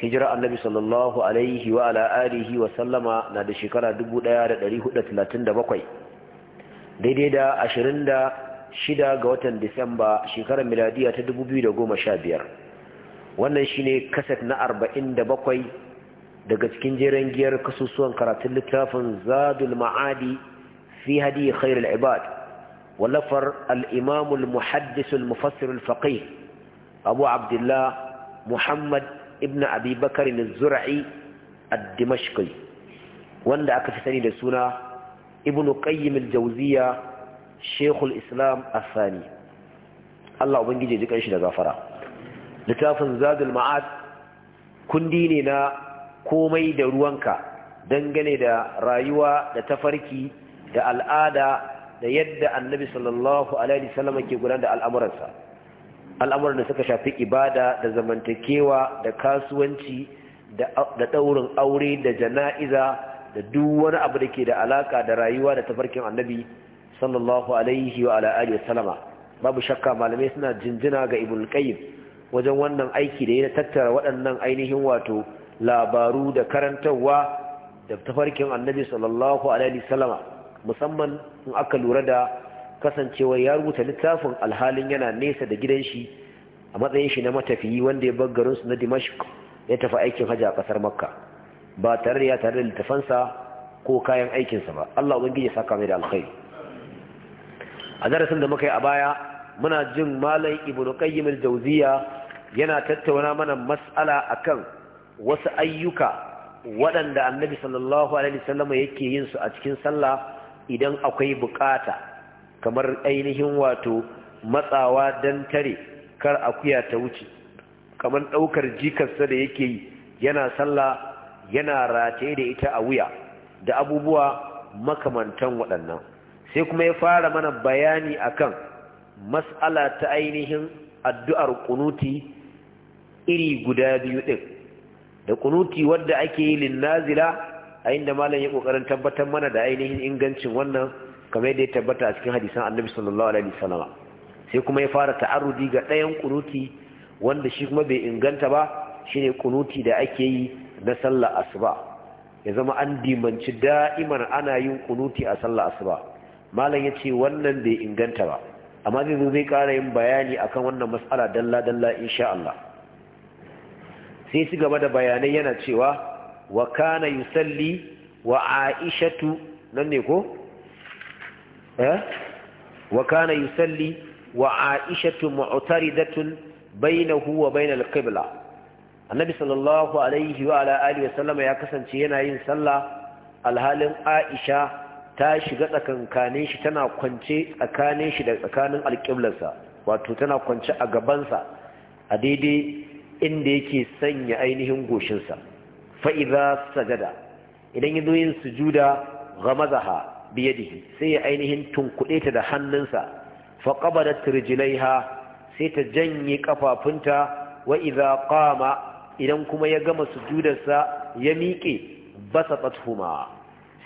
hijira annabi sallallahu alaihi wa ala alihi wa sallama na da shekara 1437 daidai da 26 ga watan disamba shekarar miladiya ta 2015 wannan shine kaset na 47 daga cikin jeren giyar kasusuwan karatun littafin zadul ma'adi fi hadi khairul ibad wallafar al-imam al-muhaddis faqih abu abdullah muhammad ibn abi bakar zura'i dimashqi wanda aka fi sani da suna ibn qayyim al-jawziya shaykhul islam asani Allah ubangije ji kan da gafara littafin zadul ma'ad kundi ne na komai da ruwanka dangane da rayuwa da tafarki da al'ada da yadda annabi sallallahu alaihi wasallam ke gudanar da al'amuransa al'amuran da suka shafi ibada da zamantakewa da kasuwanci da ɗaurin aure da jana'iza da duk wani abu da ke da alaka da rayuwa da tafarkin annabi sallallahu alaihi wa wa salama babu shakka malamai suna jinjina ga ibn qayyim wajen wannan aiki da ya tattara waɗannan ainihin wato labaru da karantarwa da tafarkin annabi sallallahu alaihi wa salama musamman in aka lura da kasancewa ya rubuta littafin alhalin yana nesa da gidan shi a matsayin shi na matafiyi wanda ya bar garinsu na dimashq ya tafi aikin hajji a ƙasar makka ba tare da ya tare da littafansa ko kayan aikinsa ba allah ubangiji saka mai da alkhairi a darasin da muka yi a baya muna jin malam ibnu qayyim al-jawziya yana tattauna mana mas'ala akan wasu ayyuka waɗanda annabi sallallahu alaihi wasallam yake yin su a cikin sallah idan akwai bukata kamar ainihin wato matsawa don tare kar akuya ta wuce kamar ɗaukar jikarsa da yake yi yana sallah yana rataye da ita a wuya da abubuwa makamantan waɗannan sai kuma ya fara mana bayani akan mas'ala ta ainihin addu'ar kunuti iri guda biyu ɗin da kunuti wadda ake yi linnazila a inda malam ya ƙoƙarin tabbatar mana da ainihin ingancin wannan kamar yadda ya tabbata a cikin hadisan annabi sallallahu alaihi wasallama sai kuma ya fara ta'arudi ga ɗayan kunuti wanda shi kuma bai inganta ba shine kunuti da ake yi na sallar asuba ya zama an dimanci da'iman ana yin kunuti a sallar asuba malam ya ce wannan bai inganta ba amma zai zo zai ƙara yin bayani akan wannan matsala dalla dalla insha Allah sai su gaba da bayanai yana cewa wa kana yusalli wa aishatu nan ne ko Eh? wa kana yusalli wa aishatu mu'taridatun bainahu wa bainal qibla annabi sallallahu alaihi wa ala alihi wa sallama ya kasance yana yin sallah alhalin aisha ta shiga tsakanin shi tana kwance tsakanin shi da tsakanin alqiblarsa wato tana kwance a gabansa a daidai inda yake sanya ainihin goshinsa fa'iza sajada idan yi yin sujuda gamazaha biyadihi sai ya ainihin tunkuɗe ta da hannunsa fa qabadat rijlaiha sai ta janye kafafunta wa idza qama idan kuma ya gama sujudarsa ya miƙe basatatuma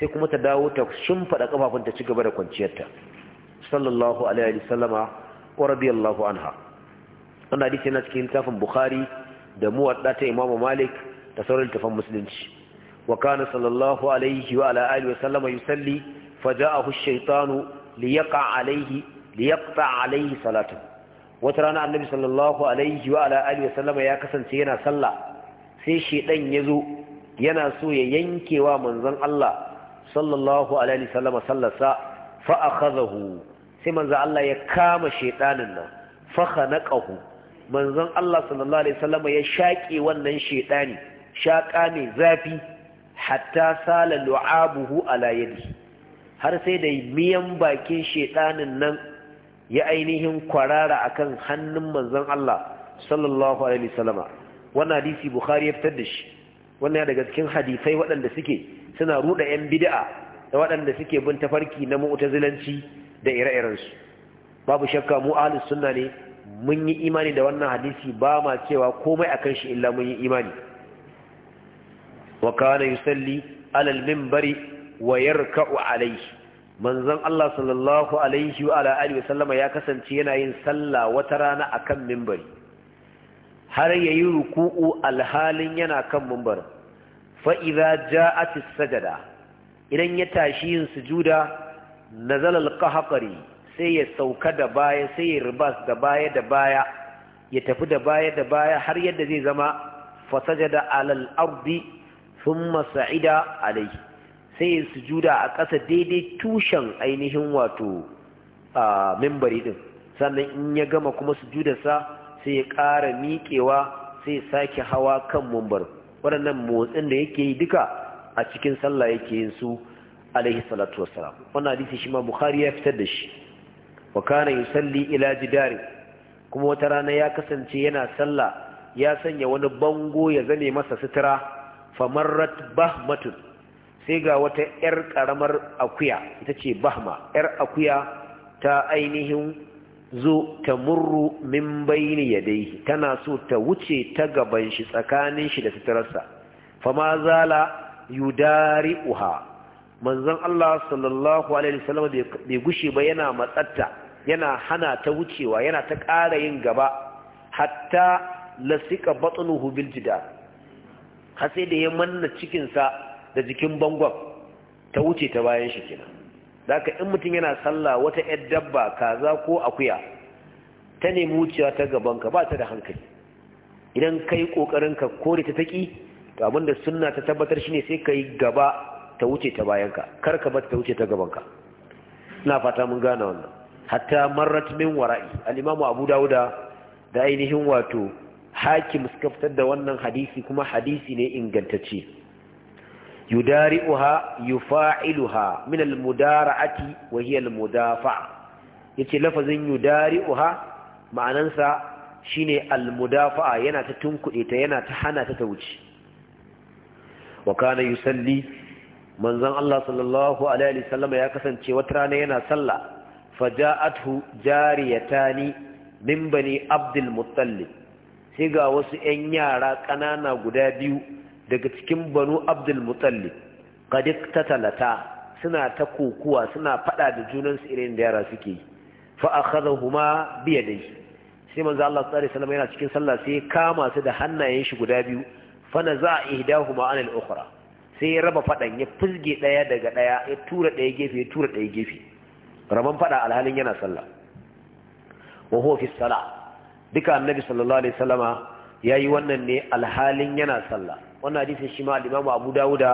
sai kuma ta dawo ta shimfada kafafunta ci gaba da kwanciyarta sallallahu alaihi wa sallama wa radiyallahu anha wannan hadisi yana cikin tafin bukhari da muwadda ta Imam malik da sauran littafan musulunci wa kana sallallahu alaihi wa ala alihi wa sallama yusalli فجاءه الشيطان ليقع عليه ليقطع عليه صلاته وترانا النبي صلى الله عليه وعلى اله وسلم يا kasance yana sallah sai shedan yazo yana so ya yankewa manzon Allah sallallahu alaihi wasallam sallarsa fa akhadahu sai manzon Allah ya kama shedanin nan fa khanaqahu manzon Allah sallallahu alaihi wasallam ya shaƙe wannan shedani shaƙa ne zafi hatta sala lu'abuhu ala yadihi har sai da miyan bakin shedanin nan ya ainihin kwarara akan hannun manzon Allah sallallahu alaihi wasallama wannan hadisi bukhari ya fitar da shi wannan daga cikin hadisai waɗanda suke suna ruda yan bida'a da waɗanda suke bin tafarki na mu'tazilanci da ire iren su. babu shakka mu ahlus sunna ne mun yi imani da wannan hadisi ba ma cewa komai akan shi illa mun yi imani wa kana yusalli wa yarka'u alaihi manzon Allah sallallahu alaihi wa alihi sallama ya kasance yana yin sallah wata rana akan minbari har yayi ruku'u alhalin yana kan minbar fa idza ja'at sajada idan ya tashi yin sujuda nazala al-qahqari sai ya sauka da baya sai ya ribas da baya da baya ya tafi da baya da baya har yadda zai zama fa sajada alal ardi thumma sa'ida alayhi sai yin sujuda a ƙasa daidai tushen ainihin wato a ɗin. ɗin sannan in ya gama kuma sa, sai ya ƙara miƙewa sai ya sake hawa kan mimbar waɗannan motsin da yake yi duka a cikin sallah yake yin su alaihi salatu wassalam wannan hadisi shi ma bukhari ya fitar da shi wa kana yusalli ila jidari kuma wata rana ya kasance yana sallah ya sanya wani bango ya zame masa sutura famarrat bahmatun sai ga wata 'yar ƙaramar akuya ita ce bahma 'yar akuya ta ainihin zo ta murru min ya dai tana so ta wuce ta gaban shi tsakanin shi da sitararsa fama zala uha manzon Allah sallallahu alaihi wasallam bai gushe ba yana matsatta yana hana ta wucewa yana ta ƙara yin gaba hatta lasika batnuhu bil jidar har sai da ya manna cikinsa. da jikin bangon ta wuce ta bayan shi kenan ka in mutum yana sallah wata yar dabba kaza ko akuya ta nemi wucewa ta gaban ka ba ta da hankali idan kai kokarin ka kore ta taki to abinda sunna ta tabbatar shine sai kai gaba ta wuce ta bayan ka kar ka bar ta wuce ta gaban ka ina fata mun gane wannan hatta marrat min wara'i al-imamu abu dauda da ainihin wato hakim suka fitar da wannan hadisi kuma hadisi ne ingantacce yudari'uha yufa'iluha min al-mudara'ati wa hiya al-mudafa yace lafazin yudari'uha ma'anansa shine al yana ta tunkuɗe ta yana ta hana ta ta wuce wa kana yusalli manzon Allah sallallahu alaihi wasallam ya kasance wata rana yana sallah faja'athu jariyatani min bani abdul muttalib sai ga wasu 'yan yara ƙanana guda biyu daga cikin banu abdul kadik ta talata suna ta kokuwa suna fada da junansu irin da yara suke fa huma bi yadayhi sai manzo Allah sallallahu alaihi yana cikin sallah sai kama su da hannayen shi guda biyu fa naza huma anil ukhra sai ya raba fadan ya fizge daya daga daya ya tura daya gefe ya tura daya gefe Raman fada alhalin yana sallah wa huwa fi salah duka annabi sallallahu alaihi wasallama yayi wannan ne alhalin yana sallah wannan hadisin shi ma al-Imam Abu Dawuda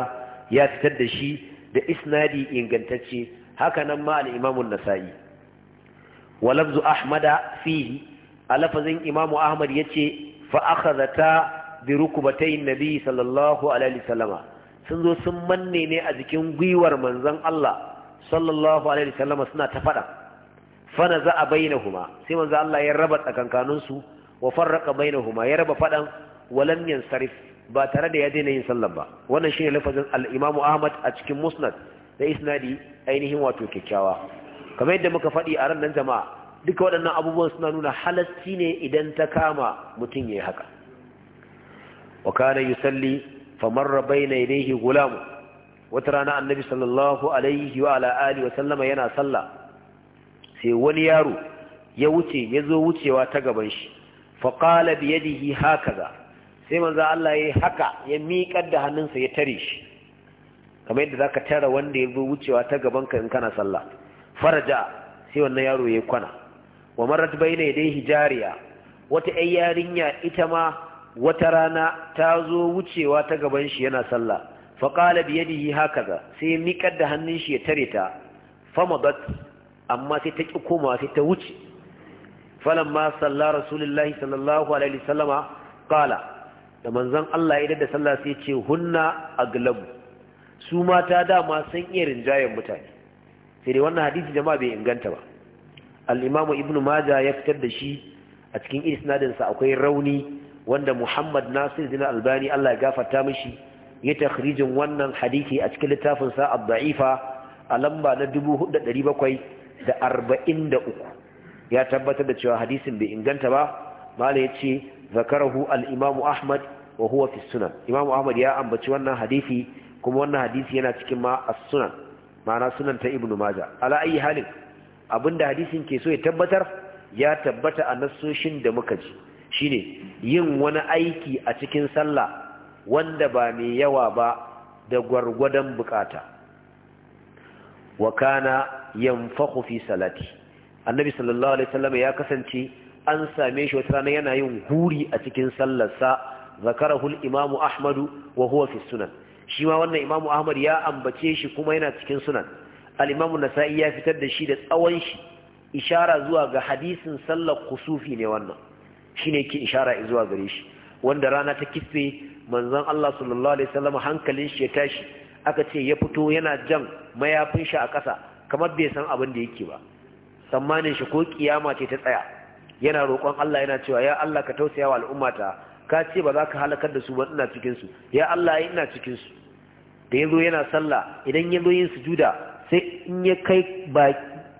ya fitar da shi da isnadi ingantacce haka nan ma al-Imam an-Nasa'i wa lafzu Ahmada fihi a lafazin Imam Ahmad yace fa akhadhata bi rukbatayn nabi sallallahu alaihi wasallama sun zo sun manne ne a jikin gwiwar manzon Allah sallallahu alaihi wasallama suna ta fada fa naza bainahuma sai manzon Allah ya raba tsakankaninsu wa farraqa bainahuma ya raba fadan walanyan yansarif ba tare da ya daina yin sallar ba wannan shine lafazin al-Imam Ahmad a cikin Musnad da isnadi ainihin wato kyakkyawa kamar yadda muka faɗi a ran nan jama'a duka waɗannan abubuwan suna nuna halasci ne idan ta kama mutum yayi haka wa kana yusalli famarra bayna yadayhi gulam wata rana annabi sallallahu alaihi wa ala alihi wa sallama yana sallah sai wani yaro ya wuce ya zo wucewa ta gaban shi faƙala yadihi hakaza sai manzo Allah ya haka ya miƙar da hannunsa ya tare shi kamar yadda zaka tara wanda ya wucewa ta gaban ka in kana sallah faraja sai wannan yaro ya kwana wa marat baina yadayhi jariya wata ay yarinya ita ma wata rana ta zo wucewa ta gaban shi yana sallah fa qala bi yadihi hakaza sai ya miƙar da hannun shi ya tare ta famadat amma sai ta ki koma sai ta wuce falamma salla rasulullahi sallallahu alaihi wasallama qala da manzon Allah ya da sallah sai ce hunna a aglabu su mata dama sun iya rinjayen mutane sai dai wannan hadisi jama'a bai inganta ba al-imamu ibnu maja ya fitar da shi a cikin isnadin sa akwai rauni wanda muhammad nasir bin albani Allah ya gafarta mishi ya takhrijin wannan hadisi a cikin littafin sa ad-da'ifa a lamba na 4743 ya tabbatar da cewa hadisin bai inganta ba malai ya ce zakarahu al-imam ahmad wa huwa fi imam ahmad ya ambaci wannan hadisi kuma wannan hadisi yana cikin ma as-sunan ma'ana sunan ta ibnu maja ala ayi halin abinda hadisin ke so ya tabbatar ya tabbata a nasoshin da muka ji shine yin wani aiki a cikin sallah wanda ba mai yawa ba da gwargwadon bukata wa kana yanfahu fi salati annabi sallallahu alaihi wasallam ya kasance an same shi wata rana yana yin guri a cikin sallarsa zakarahul imamu ahmadu wa huwa fi sunan shi ma wannan imamu ahmad ya ambace shi kuma yana cikin sunan al-imamu nasa'i ya fitar da shi da tsawon shi ishara zuwa ga hadisin sallar kusufi ne wannan shine ke ishara zuwa gare shi wanda rana ta kife manzon Allah sallallahu alaihi wasallam hankalin shi ya tashi aka ce ya fito yana jan mayafin shi a ƙasa kamar bai san abin da yake ba tsammanin shi ko kiyama ce ta tsaya yana roƙon Allah yana cewa ya Allah ka tausaya wa al'ummata ka ce ba za ka halakar da su ba ina cikin su ya Allah ina cikin su da yazo yana sallah idan yazo yin sujuda sai in ya kai ba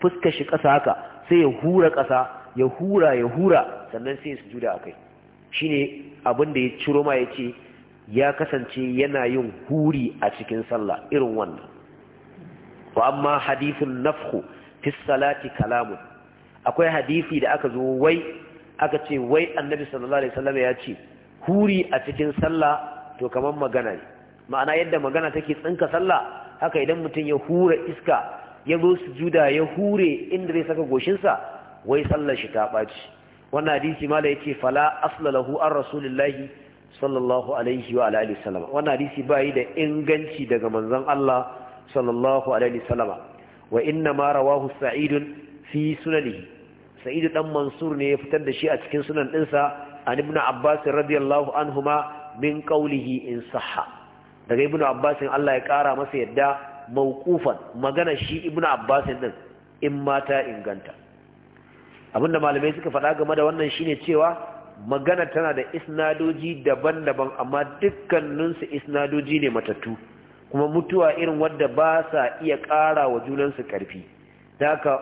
fuskar shi ƙasa haka sai ya hura ƙasa ya hura ya hura sannan sai ya sujuda akai shine abin da ya ciro ma yace ya kasance yana yin huri a cikin sallah irin wannan wa amma hadithun nafhu fi salati kalamun akwai hadisi da aka zo wai aka ce wai annabi sallallahu alaihi wasallam ya ce huri a cikin sallah to kamar magana ne ma'ana yadda magana take tsinka sallah haka idan mutum ya hura iska ya zo sujuda ya hure inda zai saka goshinsa wai sallar shi ta ɓaci wannan hadisi ma da yake fala asla lahu an rasulillahi sallallahu alaihi wa alihi sallama wannan hadisi ba yi da inganci daga manzon Allah sallallahu alaihi sallama wa inna ma rawahu sa'idun fi sunani sa'id dan mansur ne ya fitar da shi a cikin sunan dinsa an ibnu abbas radiyallahu anhuma min qawlihi in sahha daga ibnu abbas Allah ya kara masa yadda mawqufan magana shi ibnu abbas din in mata inganta abinda malamai suka faɗa game da wannan shine cewa magana tana da isnadoji daban-daban amma dukkaninsu isnadoji ne matattu kuma mutuwa irin wadda ba sa iya ƙara wa junansu ƙarfi haka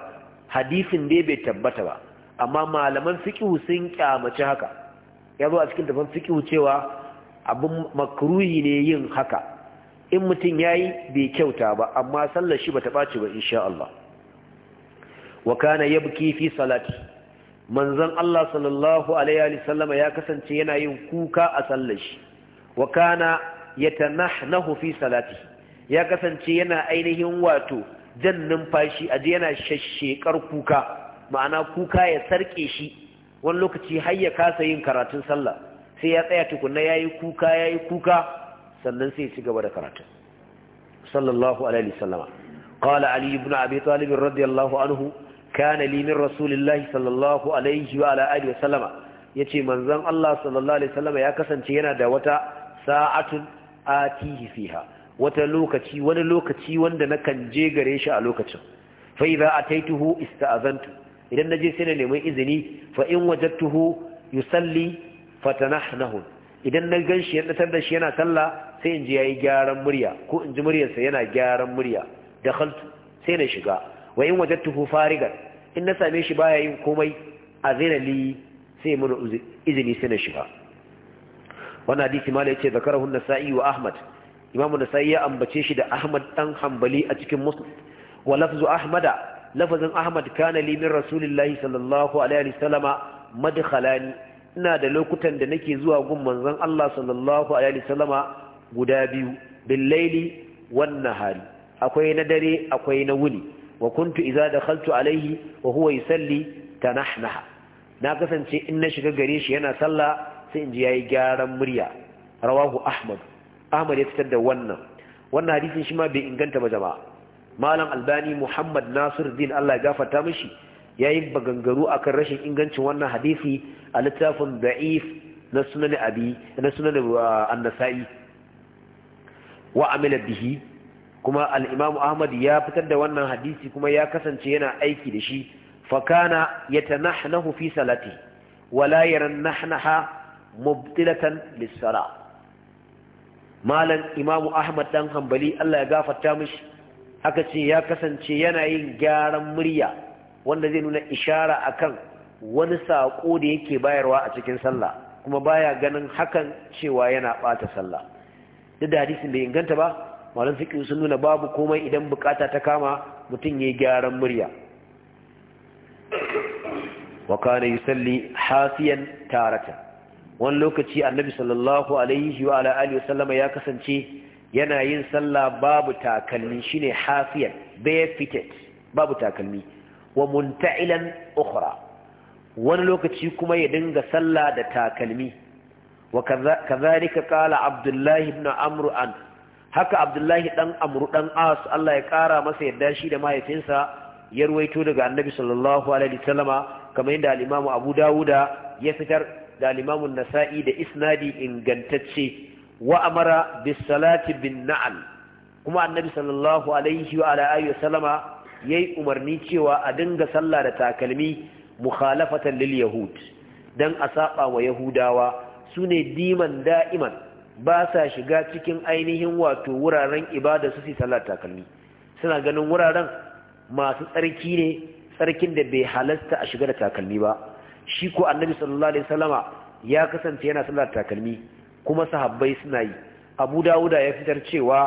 hadisin dai bai tabbata ba amma malaman fiqh sun kyamaci haka ya a cikin tafan fiqh cewa abin makruhi ne yin haka in mutum yayi bai kyauta ba amma sallar shi bata bace ba insha Allah wa kana yabki fi salati manzon Allah sallallahu alaihi wa sallama ya kasance yana yin kuka a sallar shi wa kana yatanahnahu fi salati ya kasance yana ainihin wato jan numfashi a ji yana shashshekar kuka ma'ana kuka ya sarke shi wani lokaci har ya kasa yin karatun sallah sai ya tsaya tukunna ya yi kuka ya yi kuka sannan sai ya ci gaba da karatun sallallahu alaihi sallama qala ali ibn abi talib radiyallahu anhu kana li min rasulillahi sallallahu alaihi wa ala alihi sallama yace manzon Allah sallallahu alaihi sallama ya kasance yana da wata sa'atun atihi fiha wata lokaci wani lokaci wanda na kan je gare shi a lokacin fa idza ataituhu ista'azantu idan naje sai na nemi izini fa in wajadtuhu yusalli fatanahnahu idan na ganshi ya datar da shi yana sallah sai in ji yayi gyaran murya ko in ji muryarsa yana gyaran murya dakhaltu sai na shiga wa in wajadtuhu farigan in na same shi baya yin komai azina li sai mun izini sai na shiga wannan hadisi malai yace zakarahu an-nasa'i wa ahmad imamu da sai ya ambace shi da ahmad dan hanbali a cikin muslim wa lafzu ahmada lafazin ahmad kana li min rasulillahi sallallahu alaihi wasallama madkhalani ina da lokutan da nake zuwa gun manzon Allah sallallahu alaihi wasallama guda biyu bil laili wan nahari akwai na dare akwai na wuni wa kuntu idza dakhaltu alaihi wa huwa yusalli tanahnaha na kasance in na shiga gare shi yana sallah sai in ji yayi gyaran murya rawahu ahmad ahmad ya fitar da wannan wannan hadisin shi ma bai inganta ba jama'a malam albani muhammad nasir din allah ya gafarta mishi ya yi baganganu akan rashin ingancin wannan hadisi a littafin da'if na sunan abi na sunan uh, annasa'i wa amila bihi kuma al-imam ahmad ya fitar da wannan hadisi kuma ya kasance yana aiki da shi fakana yatanahnahu fi salati wala yaran nahnaha mubtilatan lis-salah malam imamu ahmad dan hambali allah ya gafarta mishi aka ce ya kasance yana yin gyaran murya wanda zai nuna ishara akan wani saƙo da yake bayarwa a cikin sallah kuma baya ganin hakan cewa yana ɓata sallah duk da hadisin bai inganta ba malam fiqi sun nuna babu komai idan bukata ta kama mutum yayi gyaran murya wa kana yusalli hafiyan taratan wani lokaci annabi sallallahu alaihi wa ya kasance yana yin sallah babu takalmi shine hafiyan barefooted babu takalmi wa munta'ilan ukhra wani lokaci kuma ya dinga sallah da takalmi wa kadhalika kala abdullahi ibn amr an haka abdullahi dan amru dan as Allah ya kara masa yadda shi da mahaifinsa ya ruwaito daga annabi sallallahu alaihi wasallama kamar yadda al-imamu abu dawuda ya fitar da limamun nasa'i da isnadi ingantacce wa amara bis salati bin na'al kuma annabi sallallahu alaihi wa alihi wasallama yayi umarni cewa a dinga sallah da takalmi mukhalafatan lil yahud dan a saba wa yahudawa sune diman da'iman ba sa shiga cikin ainihin wato wuraren ibada su su sallah takalmi suna ganin wuraren masu tsarki ne tsarkin da bai halasta a shiga da takalmi ba shi ko annabi sallallahu alaihi wasallama ya kasance yana sallar takalmi kuma sahabbai suna yi abu dawuda ya fitar cewa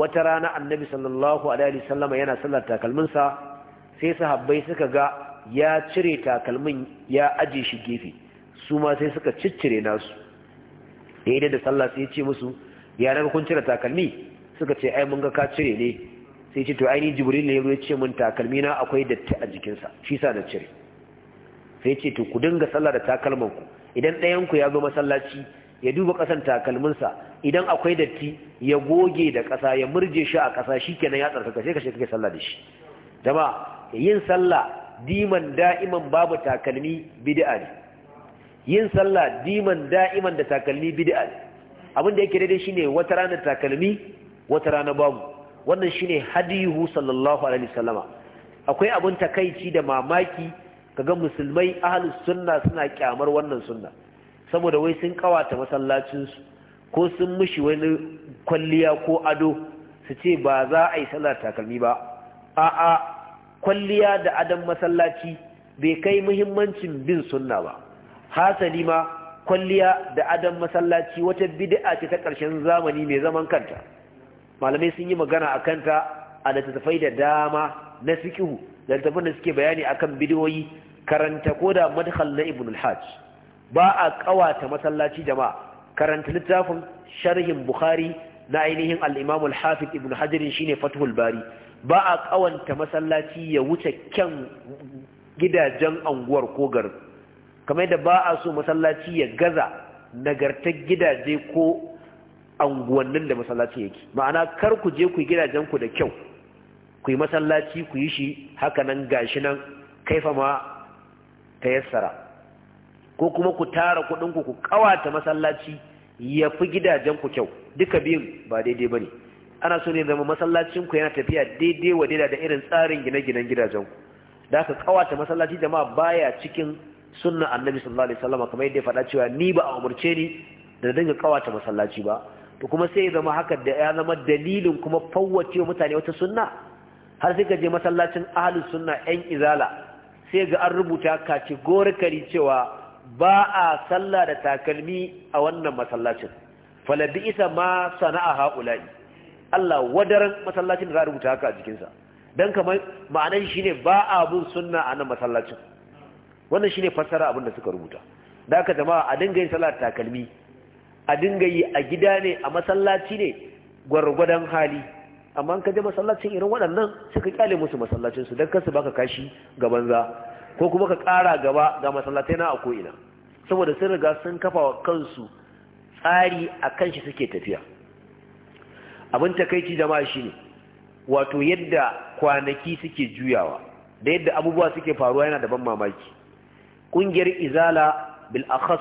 wata rana annabi sallallahu alaihi wasallama yana sallar takalminsa sai sahabbai suka ga ya cire takalmin ya aje shi gefe su ma sai suka ciccire nasu da da sallah sai ya ce musu ya naga kun cire takalmi suka ce ai mun ga ka cire ne sai ce to ai ni jibril ne ya ce mun takalmi na akwai datti a jikinsa shi sa na cire sai ce to ku dinga sallah da takalman ku idan ɗayan ku ya zo masallaci ya duba ƙasan sa idan akwai datti ya goge da ƙasa ya murje shi a ƙasa shikenan ya tsarkaka sai ka shi kake sallah da shi dama yin sallah diman da'iman babu takalmi bid'a ne yin sallah diman da'iman da takalmi bid'a ne abin da yake daidai shine wata rana takalmi wata rana babu wannan shine hadihu sallallahu alaihi wasallama akwai abun takaici da mamaki kaga musulmai ahlus sunna suna kyamar wannan sunna saboda wai sun kawata masallacinsu ko sun mishi wani kwalliya ko ado su ce ba za a yi sallar takalmi ba a'a kwalliya da adon masallaci bai kai muhimmancin bin sunna ba hasali ma kwalliya da adon masallaci wata bid'a ce ta karshen zamani mai zaman kanta malamai sun yi magana a kanta a littattafai da dama na da littattafan da suke bayani akan bidiyoyi karanta koda madkhal na ibn al-hajj ba a kawata masallaci jama'a karanta littafin sharhin bukhari na ainihin al-imam al-hafiz ibn hajar shine fathul bari ba a kawanta masallaci ya wuce kyan gidajen anguwar ko garin kamar yadda ba a so masallaci ya gaza nagartar gidaje ko anguwannin da masallaci yake ma'ana kar ku je ku gidajen ku da kyau ku yi masallaci ku yi shi haka nan gashi nan kaifa ma tayassara ko kuma ku tara kuɗin ku ku kawata masallaci ya fi gidajen ku kyau duka biyun ba daidai bane ana so ne zama masallacin ku yana tafiya daidai wa daidai da irin tsarin gine-ginen gidajen ku da aka kawata masallaci jama'a baya cikin sunna annabi sallallahu alaihi wasallam kamar yadda ya faɗa cewa ni ba a umurce ni da dinga kawata masallaci ba to kuma sai ya zama haka da ya zama dalilin kuma fawwace mutane wata sunna har sai ka je masallacin ahlus sunna yan izala sai ga an rubuta kari cewa ba a sallah da takalmi a wannan masallacin falabi isa ma sana'a ha'ula'i Allah wadaran masallacin da za a rubuta haka a jikinsa Dan kamar ma'anar shi ne ba a bin sunna a nan masallacin wannan shi ne fassara abin da suka rubuta da aka jama'a a dinga yin sallah da takalmi a dinga yi a gida ne a masallaci ne gwargwadon hali amma ka je masallacin irin waɗannan sai ka kyale musu masallacin su dan kansu baka kashi ga banza ko kuma ka ƙara gaba ga masallatai na a ko'ina saboda sun riga sun kafa wa kansu tsari a kan shi suke tafiya abin takaici jama'a shine wato yadda kwanaki suke juyawa da yadda abubuwa suke faruwa yana da ban mamaki ƙungiyar izala bil akhas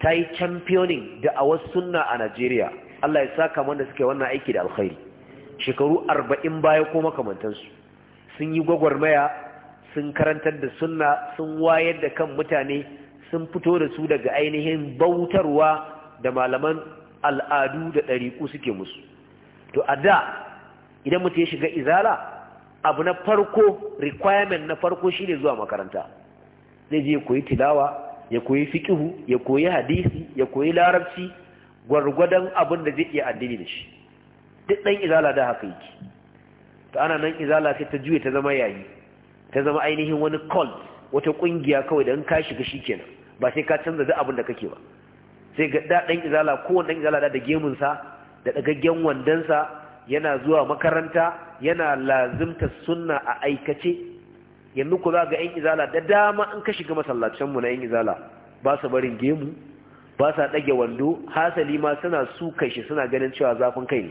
ta yi championing da a wasu sunna a Najeriya Allah ya saka wanda suke wannan aiki da alkhairi shekaru arba'in baya ko makamantansu sun yi gwagwarmaya sun karantar da sunna sun wayar da kan mutane sun fito da su daga ainihin bautarwa da malaman al'adu da ɗariƙu suke musu to a da idan mutu ya shiga izala abu na farko requirement na farko shi ne zuwa makaranta zai je koyi tilawa ya koyi fikihu, ya koyi hadisi ya koyi larabci gwargwadon abin da zai iya addini da shi duk ɗan izala da haka yake ta ana nan izala sai ta juye ta zama yayi ta zama ainihin wani cult wata ƙungiya kawai da in ka shiga shi kenan ba sai ka canza duk abin da kake ba sai ga da ɗan izala kowane ɗan izala da da gemunsa da ɗagaggen wandonsa yana zuwa makaranta yana lazimta sunna a aikace yanzu ku za ga ‘yan izala da dama in ka shiga mu na ‘yan izala ba su barin gemu ba sa ɗage wando hasali ma suna su kai shi suna ganin cewa zafin kai ne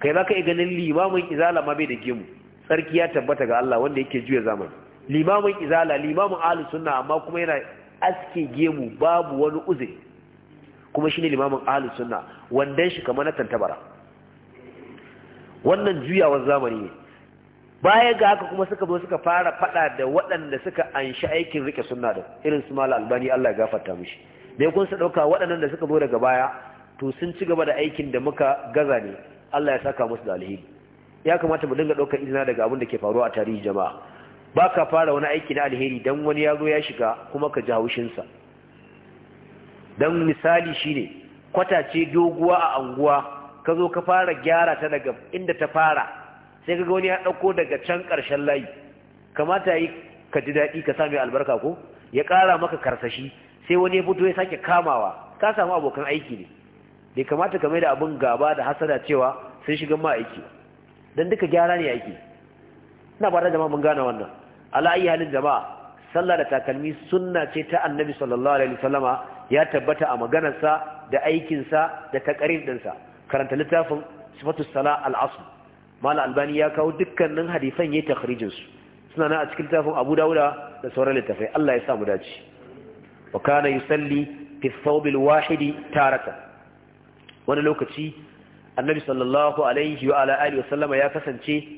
kai ba ka yi ganin limamin izala ma bai da gemu sarki ya tabbata ga Allah wanda yake juya zamani limamin izala limamin ahli sunna amma kuma yana aske gemu babu wani uzuri kuma shine limamin ahli sunna wandan shi kamar na tantabara wannan juyawar zamani ne baya ga haka kuma suka zo suka fara fada da waɗanda suka anshi aikin rike sunna da irin su mala albani Allah ya gafarta mishi dai kun sa dauka waɗannan da suka zo daga baya to sun ci gaba da aikin da muka gaza ne Allah ya saka musu da alheri ya kamata mu dinga ɗaukar izina daga abin da ke faruwa a tarihi jama'a baka fara wani aiki na alheri dan wani ya zo ya shiga kuma ka ji sa dan misali shine kwata ce doguwa a anguwa ka zo ka fara gyara ta daga inda ta fara sai ka ga wani ya ɗauko daga can karshen layi kamata yi ka ji daɗi ka sami albarka ko ya kara maka karsashi sai wani ya fito ya sake kamawa ka samu abokan aiki ne bai kamata ka da abin gaba da hasada cewa sun shiga ma'aiki. don duka gyara ne aiki ina ba da jama'a mun gane wannan ala halin jama'a sallah da takalmi sunna ce ta annabi sallallahu alaihi wasallama ya tabbata a maganarsa da aikinsa da takarir ɗinsa. karanta littafin sifatu sala al-asr albani ya kawo dukkanin hadisan ya takhrijin su suna nan a cikin littafin abu dauda da sauran littafai Allah ya sa mu dace wa kana yusalli fi thawb wahidi taratan wani lokaci annabi sallallahu alaihi wa alihi wasallama ya kasance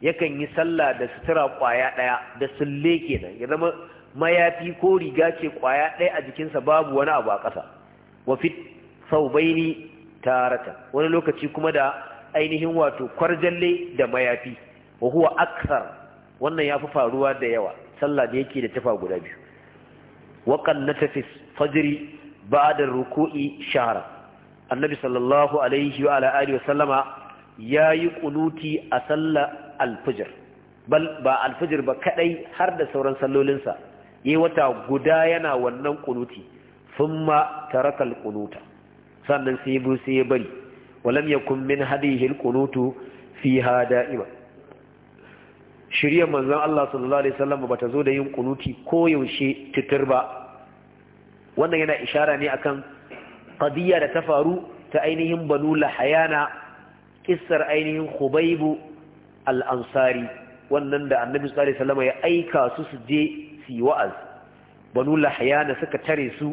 yakan yi sallah da sutura kwaya daya da sulle kenan ya zama mayafi ko riga ce kwaya daya a jikinsa babu wani abu a ƙasa wa fit saubaini tarata wani lokaci kuma da ainihin wato kwarjalle da mayafi wa huwa aksar wannan ya fi faruwa da yawa sallah da yake da tafa guda biyu wa qannata fajiri fajri ba'da ruku'i shahara annabi sallallahu alaihi wa ala alihi wasallama yayi kunuti a sallar alfijir bal ba alfijir ba kadai har da sauran sallolinsa yi wata guda yana wannan kunuti thumma taraka alqunuta sannan sai bu sai ya bari walam yakun min hadihi alqunutu fiha da'ima shiriyar manzon Allah sallallahu alaihi wasallam bata zo da yin kunuti ko yaushe titir ba wannan yana ishara ne akan qadiyya da ta faru ta ainihin banu lahayana kissar ainihin khubaibu al-ansari wannan da annabi sallallahu alaihi wasallam ya aika su su je su yi wa'az banu lahayana suka tare su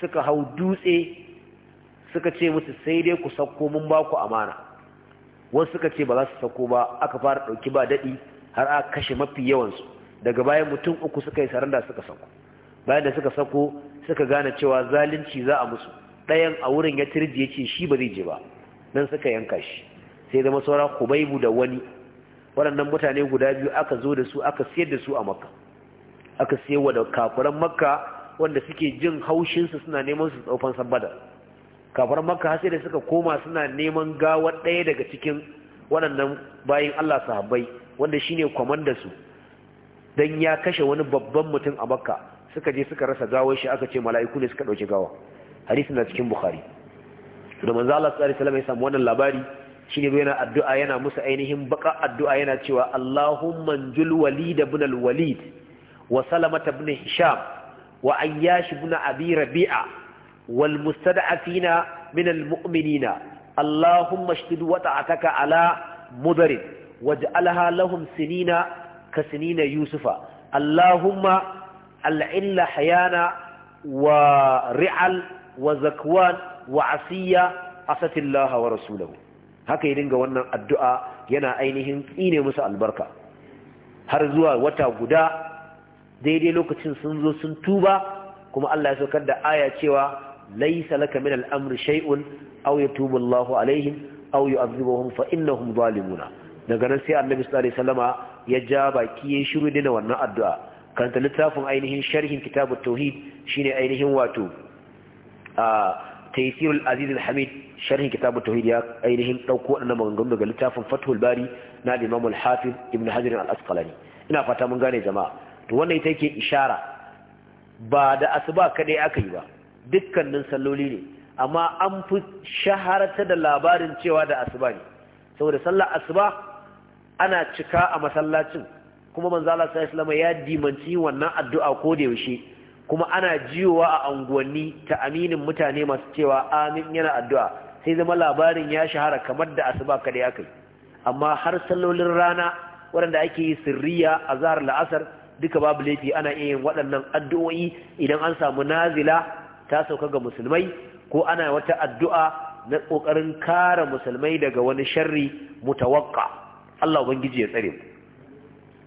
suka hau dutse suka ce musu sai dai ku sauko mun ba ku amana wasu suka ce ba za su sauko ba aka fara ɗauki ba daɗi har aka kashe mafi yawansu daga bayan mutum uku suka yi saranda suka sako. bayan da suka sauko suka gane cewa zalunci za a musu ɗayan a wurin ya turji ya ce shi ba zai je ba nan suka yanka shi sai zama saura kubaibu da wani waɗannan mutane guda biyu aka zo da su aka siyar da su a makka aka siyarwa da kafuran makka wanda suke jin haushinsu suna neman su tsaufan sabbada kafuran makka har da suka koma suna neman gawar ɗaya daga cikin waɗannan bayan allah sahabbai wanda shine kwamanda su don ya kashe wani babban mutum a makka suka je suka rasa gawar shi aka ce mala'iku ne suka ɗauki gawar. hadisin na cikin bukhari da manzo Allah sallallahu alaihi wasallam ya samu wannan labari shine yana addu'a yana musu ainihin baka addu'a yana cewa Allahumma anjul walid ibn al-walid wa salamat ibn hisham wa ayyash ibn abi rabi'a wal mustad'afina min al-mu'minina Allahumma shdid wata'ataka ala mudar waj'alha lahum sinina ka sinina yusufa Allahumma al'illa hayana wa ri'al wa zakwan wa asiya asatillaha wa rasulahu haka ya dinga wannan addu'a yana ainihin tsine musu albarka har zuwa wata guda daidai lokacin sun zo sun tuba kuma Allah ya saukar da aya cewa laisa laka min al'amri au ya yatubu Allahu alaihim aw yu'adhibuhum fa innahum zalimuna daga nan sai Annabi sallallahu alaihi ya ja baki ya shiru dina wannan addu'a Kanta littafin ainihin sharhin kitabut tauhid shine ainihin wato Taisir Al-Aziz Muhammad, sharhin kitabar ta'udiya, ainihin ɗauko waɗannan maganganu daga littafin Fatih Ulbari na Iman Mulfafi Ibn Hadj Al-Askar. Ina fata mun gane jama'a. Wannan ita ce ishara. Ba da asuba kaɗai aka yi ba. Dukkanin salloli ne. Amma an fi shahararra da labarin cewa da asuba ne. Sau sallar asuba, ana cika a masallacin. Kuma Manza ala Sani Islama ya dimanci wannan addu'a ko da yaushe. kuma ana jiyowa a anguwanni ta aminin mutane masu cewa amin yana addu'a sai zama labarin ya shahara kamar da asuba kada ya kai amma har sallolin rana waɗanda ake yi sirriya a zahar la'asar duka babu laifi ana iya yin waɗannan addu'o'i idan an samu nazila ta sauka ga musulmai ko ana wata addu'a na ƙoƙarin kare musulmai daga wani sharri mutawakka Allah ubangiji ya tsare mu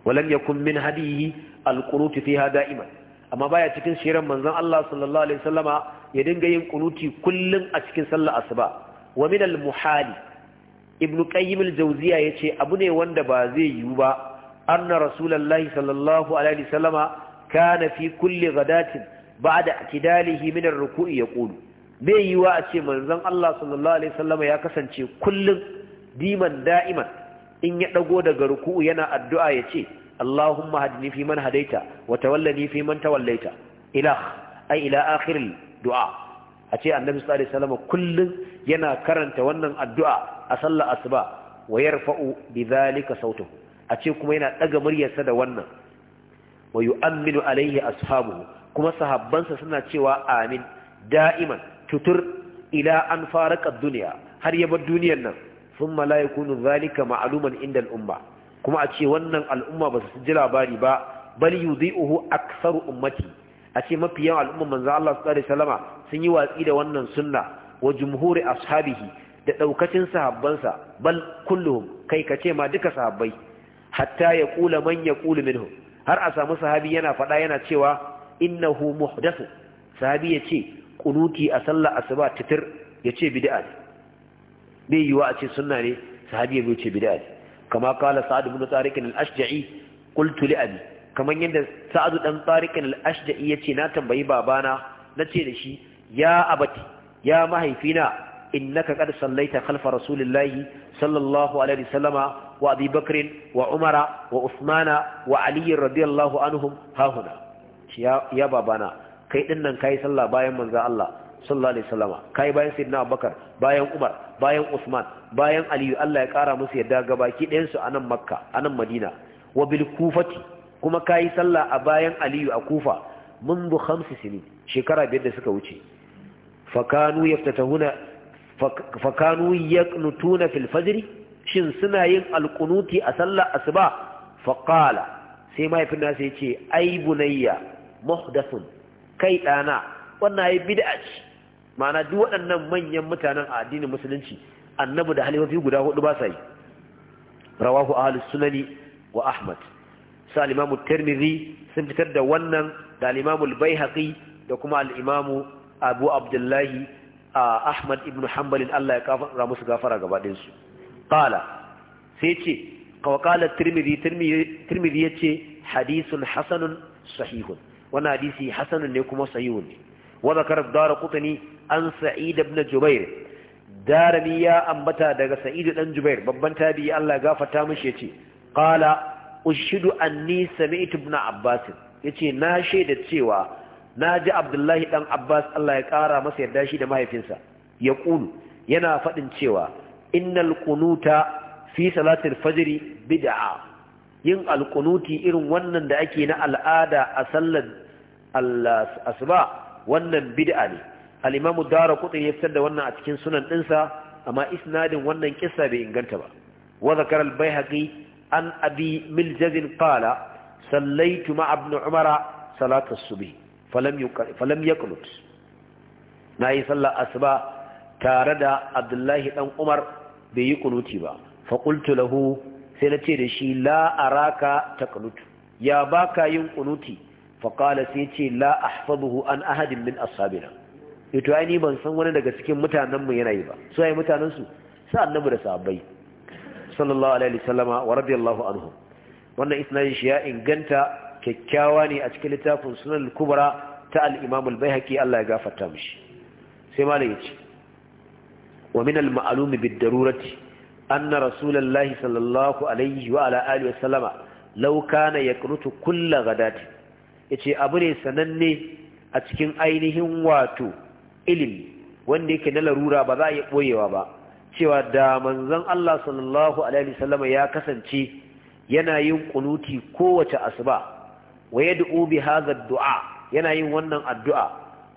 walam yakun min hadihi alqunutu fiha da'iman amma baya cikin shirin manzon Allah sallallahu alaihi wasallama ya dinga yin kunuti kullun a cikin sallar asuba wa min al muhali ibn qayyim al jawziya yace abu ne wanda ba zai yiwu ba anna rasulullahi sallallahu alaihi wasallama kana fi kulli ghadatin ba'da atidalihi min ar ruku'i yaqulu bai yiwa a ce manzon Allah sallallahu alaihi wasallama ya kasance kullun diman da'iman in ya dago daga ruku'u yana addu'a yace اللهم هدني في من هديت وتولني في من توليت الى اي الى اخر الدعاء اتي النبي صلى الله عليه وسلم كل ينا كرنت wannan addu'a a sallar asuba wa yarfa'u bidhalika sautuhu ace kuma yana ɗaga muryarsa da wannan wa yu'minu alayhi ashabuhu kuma sahabbansa suna cewa amin da'iman tutur ila an faraka duniya, har ya yaba duniyar nan thumma la yakunu dhalika ma'luman inda umma kuma a ce wannan al'umma ba su ji labari ba bal yudhi'uhu aktsaru ummati a ce mafi yawan al'umma manzo Allah sallallahu alaihi wasallama sun yi watsi da wannan sunna wa jumhuri ashabihi da daukacin sahabbansa bal kulluhum kai kace ma duka sahabbai hatta ya kula man ya kula minhum har a samu sahabi yana faɗa yana cewa innahu muhdathu sahabi ya ce kunuti a sallar asuba titir ya ce bid'a ne bai yiwa a ce sunna ne sahabi ya ce bid'a ne kama kala sa'ad ibn tariq al-ashja'i qultu li abi kaman yanda sa'ad dan tariq al yace na tambayi babana nace da shi ya abati ya mahaifina innaka qad sallaita khalfa rasulillahi sallallahu alaihi wasallama wa abi bakr wa umara wa usmana wa ali radiyallahu anhum ha ya babana kai ɗinnan kayi sallah bayan manzo Allah sallallahu alaihi wasallama kai bayan sayyidina abubakar bayan umar bayan usman bayan aliyu Allah ya kara musu yadda baki ɗayan su anan makka anan madina wa bil kufati kuma kai sallah a bayan aliyu a kufa da suka wuce. شكرا بيد سكا وچي فكانوا يفتتحون فكانوا يقنتون في الفجر شن سنا ين القنوتي اصلى اسبا فقال sai mahaifin nasa ya ce ai bunayya muhdathun kai ɗana wannan ya bid'a ce ma'ana duk waɗannan manyan mutanen a addinin musulunci annabi da halifafi guda hudu ba sa yi rawahu ahli sunani wa ahmad sa al sun fitar da wannan da al-imamu al-baihaqi da kuma al-imamu abu abdullahi ahmad ibn hanbal Allah ya kafara musu gafara gaba ɗayan su qala sai ce kawa qala tirmidhi tirmidhi yace hadithun hasanun sahihun wannan hadisi hasanun ne kuma sahihun ne وذكر الدار قطني عن سعيد بن جبير دارمي يا أنبتا دغ سعيد بن جبير ببن تابي الله غافتا مشيتي قال أشهد أني سمعت ابن عباس يتي ناشي دتسيوا ناجي عبد الله بن عباس الله يقارا مسا يدا شي da mahaifinsa يقول yana fadin cewa innal qunuta fi salatil fajr bid'a yin alqunuti irin wannan da ake na al'ada a sallar asuba wannan bid'a ne al-imam ad-darqutni ya fitar da wannan a cikin sunan dinsa amma isnadin wannan kissa bai inganta ba wa zakara al an abi miljaz qala sallaitu ma ibn umara salat as-subh falam yuqal falam yaqlut nayi sallar asuba tare da abdullahi dan umar bai yi kunuti ba fa qultu lahu sai na ce da shi la araka taqnut ya baka yin kunuti faƙala sai ce la ahfazuhu an ahadin min ashabina ito ai ni ban san wani daga cikin mutanenmu yana yi ba su ai mutanensu sa annabi da sahabbai sallallahu alaihi wasallama wa radiyallahu anhu wannan isnadin shi ya inganta kyakkyawa ne a cikin littafin sunan kubra ta al-imam al-baihaqi Allah ya gafarta mishi sai malai yace wa min al-ma'lum bid-darurati anna rasulullahi sallallahu alaihi wa ala alihi wasallama law kana yaqnutu kull ghadatin ce abu ne sananne a cikin ainihin wato ilimi wanda yake na larura ba za a yi ɓoyewa ba cewa da manzan Allah sallallahu alaihi wasallama ya kasance yana yin kunuti kowace asuba wa da bi hazar dua yana yin wannan addu'a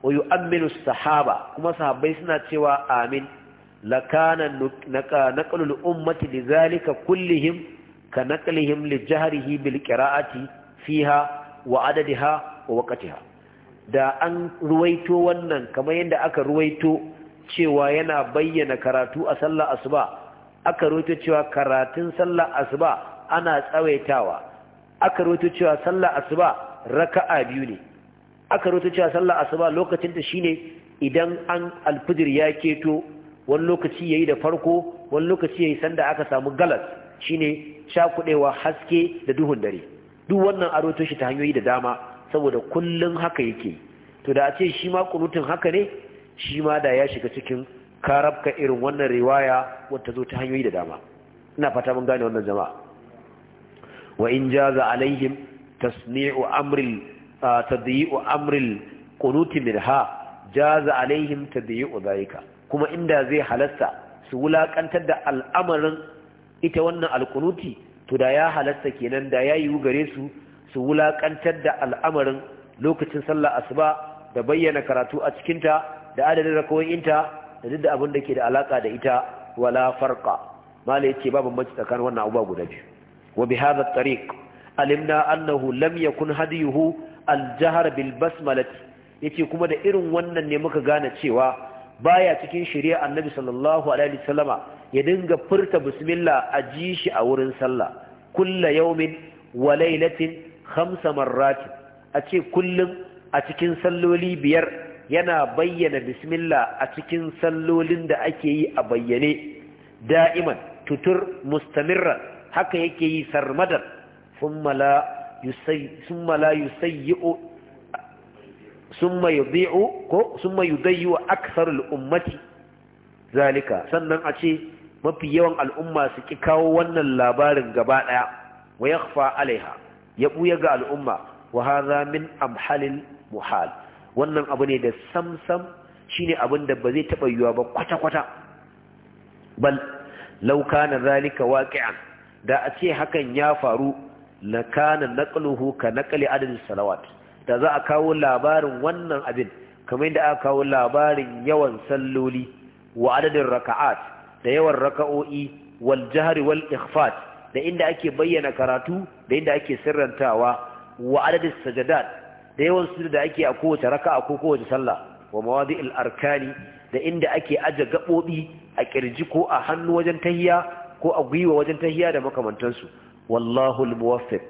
wa Aminu sahaba kuma sahabai suna cewa amin lakana naqlul ummati lidhalika kullihim ka lijahrihi li bil qira'ati fiha wa adadiha wa waqtiha da an ruwaito wannan kamar yadda aka ruwaito cewa yana bayyana karatu a sallar asuba aka ruwaito cewa karatun sallar asuba ana tsawaitawa aka ruwaito cewa sallar asuba raka'a biyu ne aka ruwaito cewa sallar asuba lokacin ta shine idan an alfijir ya keto wani lokaci yayi da farko wani lokaci yayi sanda aka samu galas shine shakudewa haske da duhun dare duk wannan a roto shi ta hanyoyi da dama saboda kullum haka yake to da a ce shi ma kunutun haka ne shi ma da ya shiga cikin karabka irin wannan riwaya wata zo ta hanyoyi da dama ina fata mun gane wannan jama'a wa in jaza alaihim tasni'u amril tadyi'u amril qunuti minha jaza alaihim tadyi'u kuma inda zai halasta su wulakantar da al'amarin ita wannan alqunuti to da ya halatta kenan da ya yiwu gare su su wulaƙantar da al'amarin lokacin sallar asuba da bayyana karatu a cikinta da adadin rakawoyinta da duk da abin da ke da alaka da ita wala farqa mala yace babu mace tsakanin wannan abuwa guda biyu wa bi hadha tariq alimna annahu lam yakun hadiyuhu al-jahr bil basmalati yace kuma da irin wannan ne muka gane cewa baya cikin shari'a annabi sallallahu alaihi wasallama ya dinga furta bismillah a ji shi a wurin sallah kulla yaumin wa lailatin khamsa marratin a ce kullum a cikin salloli biyar yana bayyana bismillah a cikin sallolin da ake yi a bayyane da'iman tutur mustamirran haka yake yi sarmadar thumma la yusayyi summa yudhi'u ko aksar yudayyu ummati zalika sannan a ce mafi yawan al'umma su ki kawo wannan labarin gaba ɗaya wa yakhfa alaiha ya buya ga al'umma wa hadha min amhalil muhal wannan abu ne da samsam shine abin da ba zai taɓa yiwa ba kwata kwata bal Lauka na zalika waqi'an da a ce hakan ya faru Na kana naqluhu ka naqli adadin salawatu da za a kawo labarin wannan abin kamar da aka kawo labarin yawan salloli wa adadin raka'at da yawan raka'o'i wal wal ikhfat da inda ake bayyana karatu da inda ake sirrantawa wa adadin sajadat da yawan sujud da ake a kowace raka'a ko kowace sallah wa mawadi'il arkani da inda ake aje gabobi a kirji ko a hannu wajen tahiya ko a gwiwa wajen tahiya da makamantansu wallahu al-muwaffiq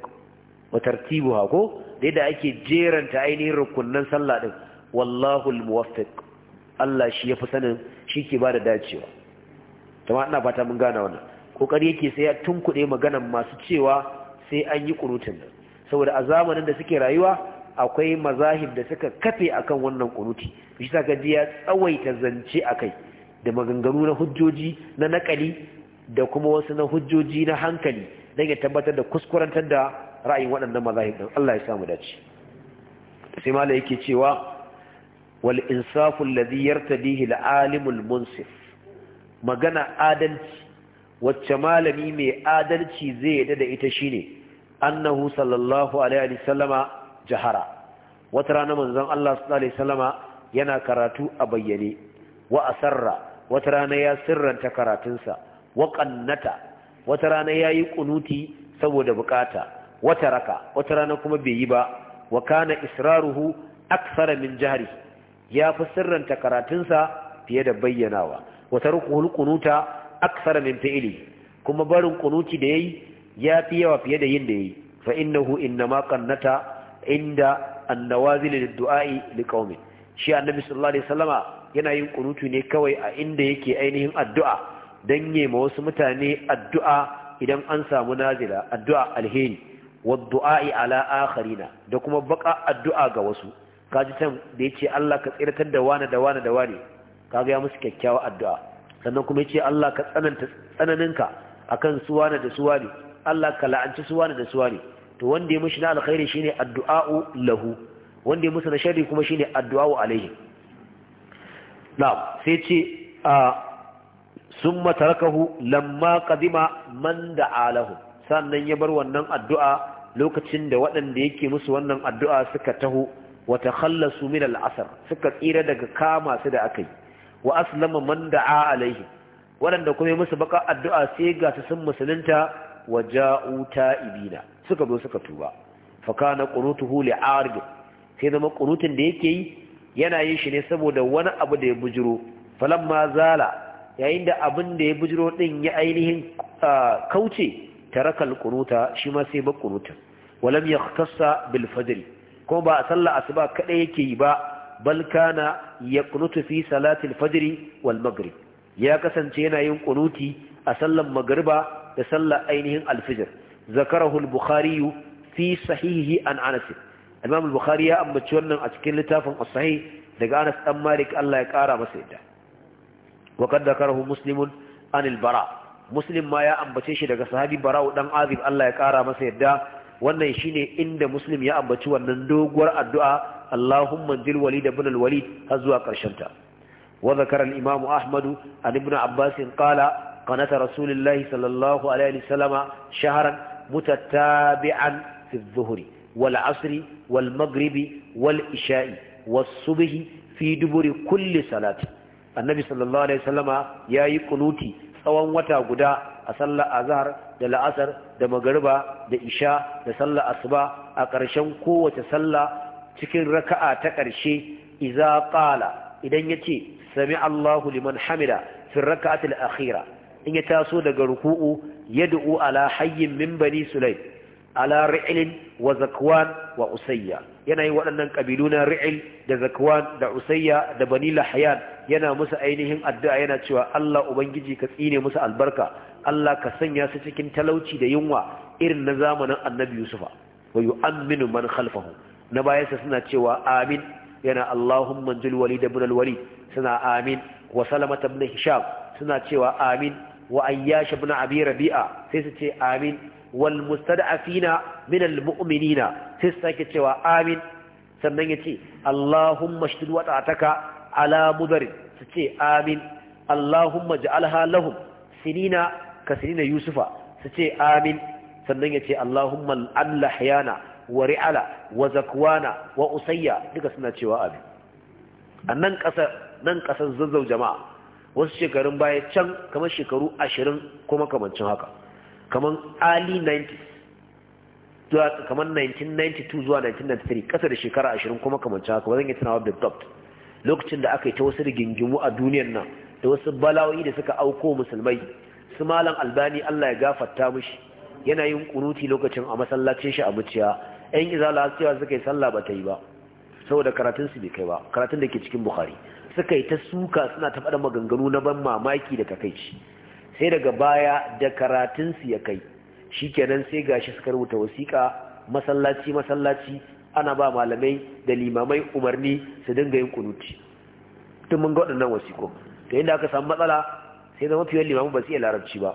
wa tartibuha ko da yadda ake jeranta ainihin rukunnan sallah din wallahu almuwaffiq Allah shi yafi sanin shi ke bada dacewa kuma ina fata mun gane wannan kokari yake sai ya tunkuɗe maganan masu cewa sai an yi kunutun nan saboda a zamanin da suke rayuwa akwai mazahib da suka kafe akan wannan qunuti shi saka ji ya tsawaita zance akai da maganganu na hujjoji na nakali da kuma wasu na hujjoji na hankali dan ya tabbatar da kuskurantar da ra'ayin waɗannan mazahib din Allah ya samu dace sai mala yake cewa wal insafu alladhi yartadihi al-alimul munsif magana adalci wacce malami mai adalci zai yadda da ita shine annahu sallallahu alaihi wasallama jahara wata rana manzon Allah sallallahu alaihi wasallama yana karatu a bayyane wa asarra wata rana ya sirranta karatunsa wa qannata wata rana yayi kunuti saboda bukata wata raka wata rana kuma bai yi ba wa kana israruhu aksara min jahri ya fi sirranta karatunsa fiye da bayyanawa wa tarkuhul qunuta aksara min fi'li kuma barin qunuti da yayi ya fi yawa fiye da yin da yayi fa innahu innama qannata inda annawazil lidduai duai shi annabi sallallahu alaihi wasallama yana yin qunutu ne kawai a inda yake ainihin addu'a dan yema wasu mutane addu'a idan an samu nazila addu'a alheri waddu'a'i ala akharina da kuma baka addu'a ga wasu kaji can da yace Allah ka tsiratar da wani da wani da wani kaga ya musu kyakkyawa addu'a sannan kuma yace Allah ka tsananta tsananinka akan su wani da su wani Allah ka la'anci su wani da su wani to wanda ya mushi na alkhairi shine addu'a'u lahu wanda ya musu na sharri kuma shine addu'a'u alaihi na'am sai ce summa tarakahu lamma qadima man da'alahu sannan ya bar wannan addu'a lokacin da waɗanda yake musu wannan addu'a suka taho wata khallasu min al'asar suka tsira daga kama su da aka yi wa aslama man alaihi waɗanda kuma yi musu baka addu'a sai ga su sun musulunta wa ja'u ta'ibina suka zo suka tuba fa kana qunutuhu li'arid sai zama qunutun da yake yi yana yin shi ne saboda wani abu da ya bujiro falamma zala yayin da abin da ya bujiro din ya ainihin ah, kauce tarakal qunuta shi ma sai ba qunutun walam yakhtassa bil fajr kuma ba a sallar asuba kadai yake yi ba Balkana kana yaqnutu fi salati al ya kasance yana yin kunuti a sallar magriba da sallar ainihin alfijir zakarahu al bukhari fi sahihi an anas imam al bukhari ya ambaci wannan a cikin littafin as sahih daga anas dan malik Allah ya kara masa yadda wa qad zakarahu muslimun an al bara muslim ma ya ambace shi daga sahabi bara'u dan azib Allah ya kara masa yadda wannan shine inda muslim ya ambaci wannan doguwar addu'a Allahumma jil walid ibn al-walid har zuwa karshen ta wa zakara al-imam Ahmad an ibn Abbas qala qanata rasulillahi sallallahu alaihi wasallam shahran mutatabi'an fi adh-dhuhri wal 'asri wal maghribi wal isha'i was subhi fi duburi kulli salat annabi sallallahu alaihi wasallama yayi kunuti tsawon wata guda a sallar azhar da la'asar da magariba da isha da sallar asuba a ƙarshen kowace sallah cikin raka'a ta ƙarshe iza qala idan yace sami Allahu liman hamida fi raka'atil akhira in ya taso daga ruku'u yad'u ala hayyin min bani sulaim ala ri'il wa zakwan wa usayya yana yi waɗannan ƙabilu na ri'il da zakwan da usayya da bani lahayan yana musu ainihin addu'a yana cewa Allah ubangiji ka tsine musu albarka Allah ka sanya su cikin talauci da yunwa irin na zamanin annabi yusufa wa yu'minu man khalfahu na bayansa suna cewa amin yana Allahumma jil walid ibn al-walid suna amin wa salama ibn hisham suna cewa amin wa ayyash ibn abi rabi'a sai su ce amin wal mustad'afina min al mu'minina sai cewa amin sannan yace Allahumma shdid wata'ataka ala mudarin su ce amin Allahumma ja'alha lahum sinina ka sinina yusufa su ce amin sannan yace Allahumma al'an lahyana wa ri'ala wa zakwana wa usayya duka suna cewa amin annan kasar nan kasar zazzau jama'a wasu shekarun baya can kamar shekaru ashirin kuma kamancin haka kamar early 90s zuwa kamar 1992 zuwa 1993 kasa da shekara 20 kuma kamar haka ba zan yi tunawa da top lokacin da aka yi ta wasu rigingimu a duniyar nan da wasu bala'o'i da suka auko musulmai su malam albani Allah ya gafarta mushi yana yin kunuti lokacin a masallacin shi a muciya yan izala cewa suka yi sallah ba ta yi ba saboda karatun su bai kai ba karatun da ke cikin bukhari suka yi ta suka suna ta faɗa maganganu na ban mamaki da takaici sai daga baya da karatunsu ya kai shi kenan sai gashi suka rubuta wasiƙa masallaci masallaci ana ba malamai da limamai umarni su dinga yin kunuti tun mun ga waɗannan wasiƙo to inda aka samu matsala sai zama fiye limamai ba su iya larabci ba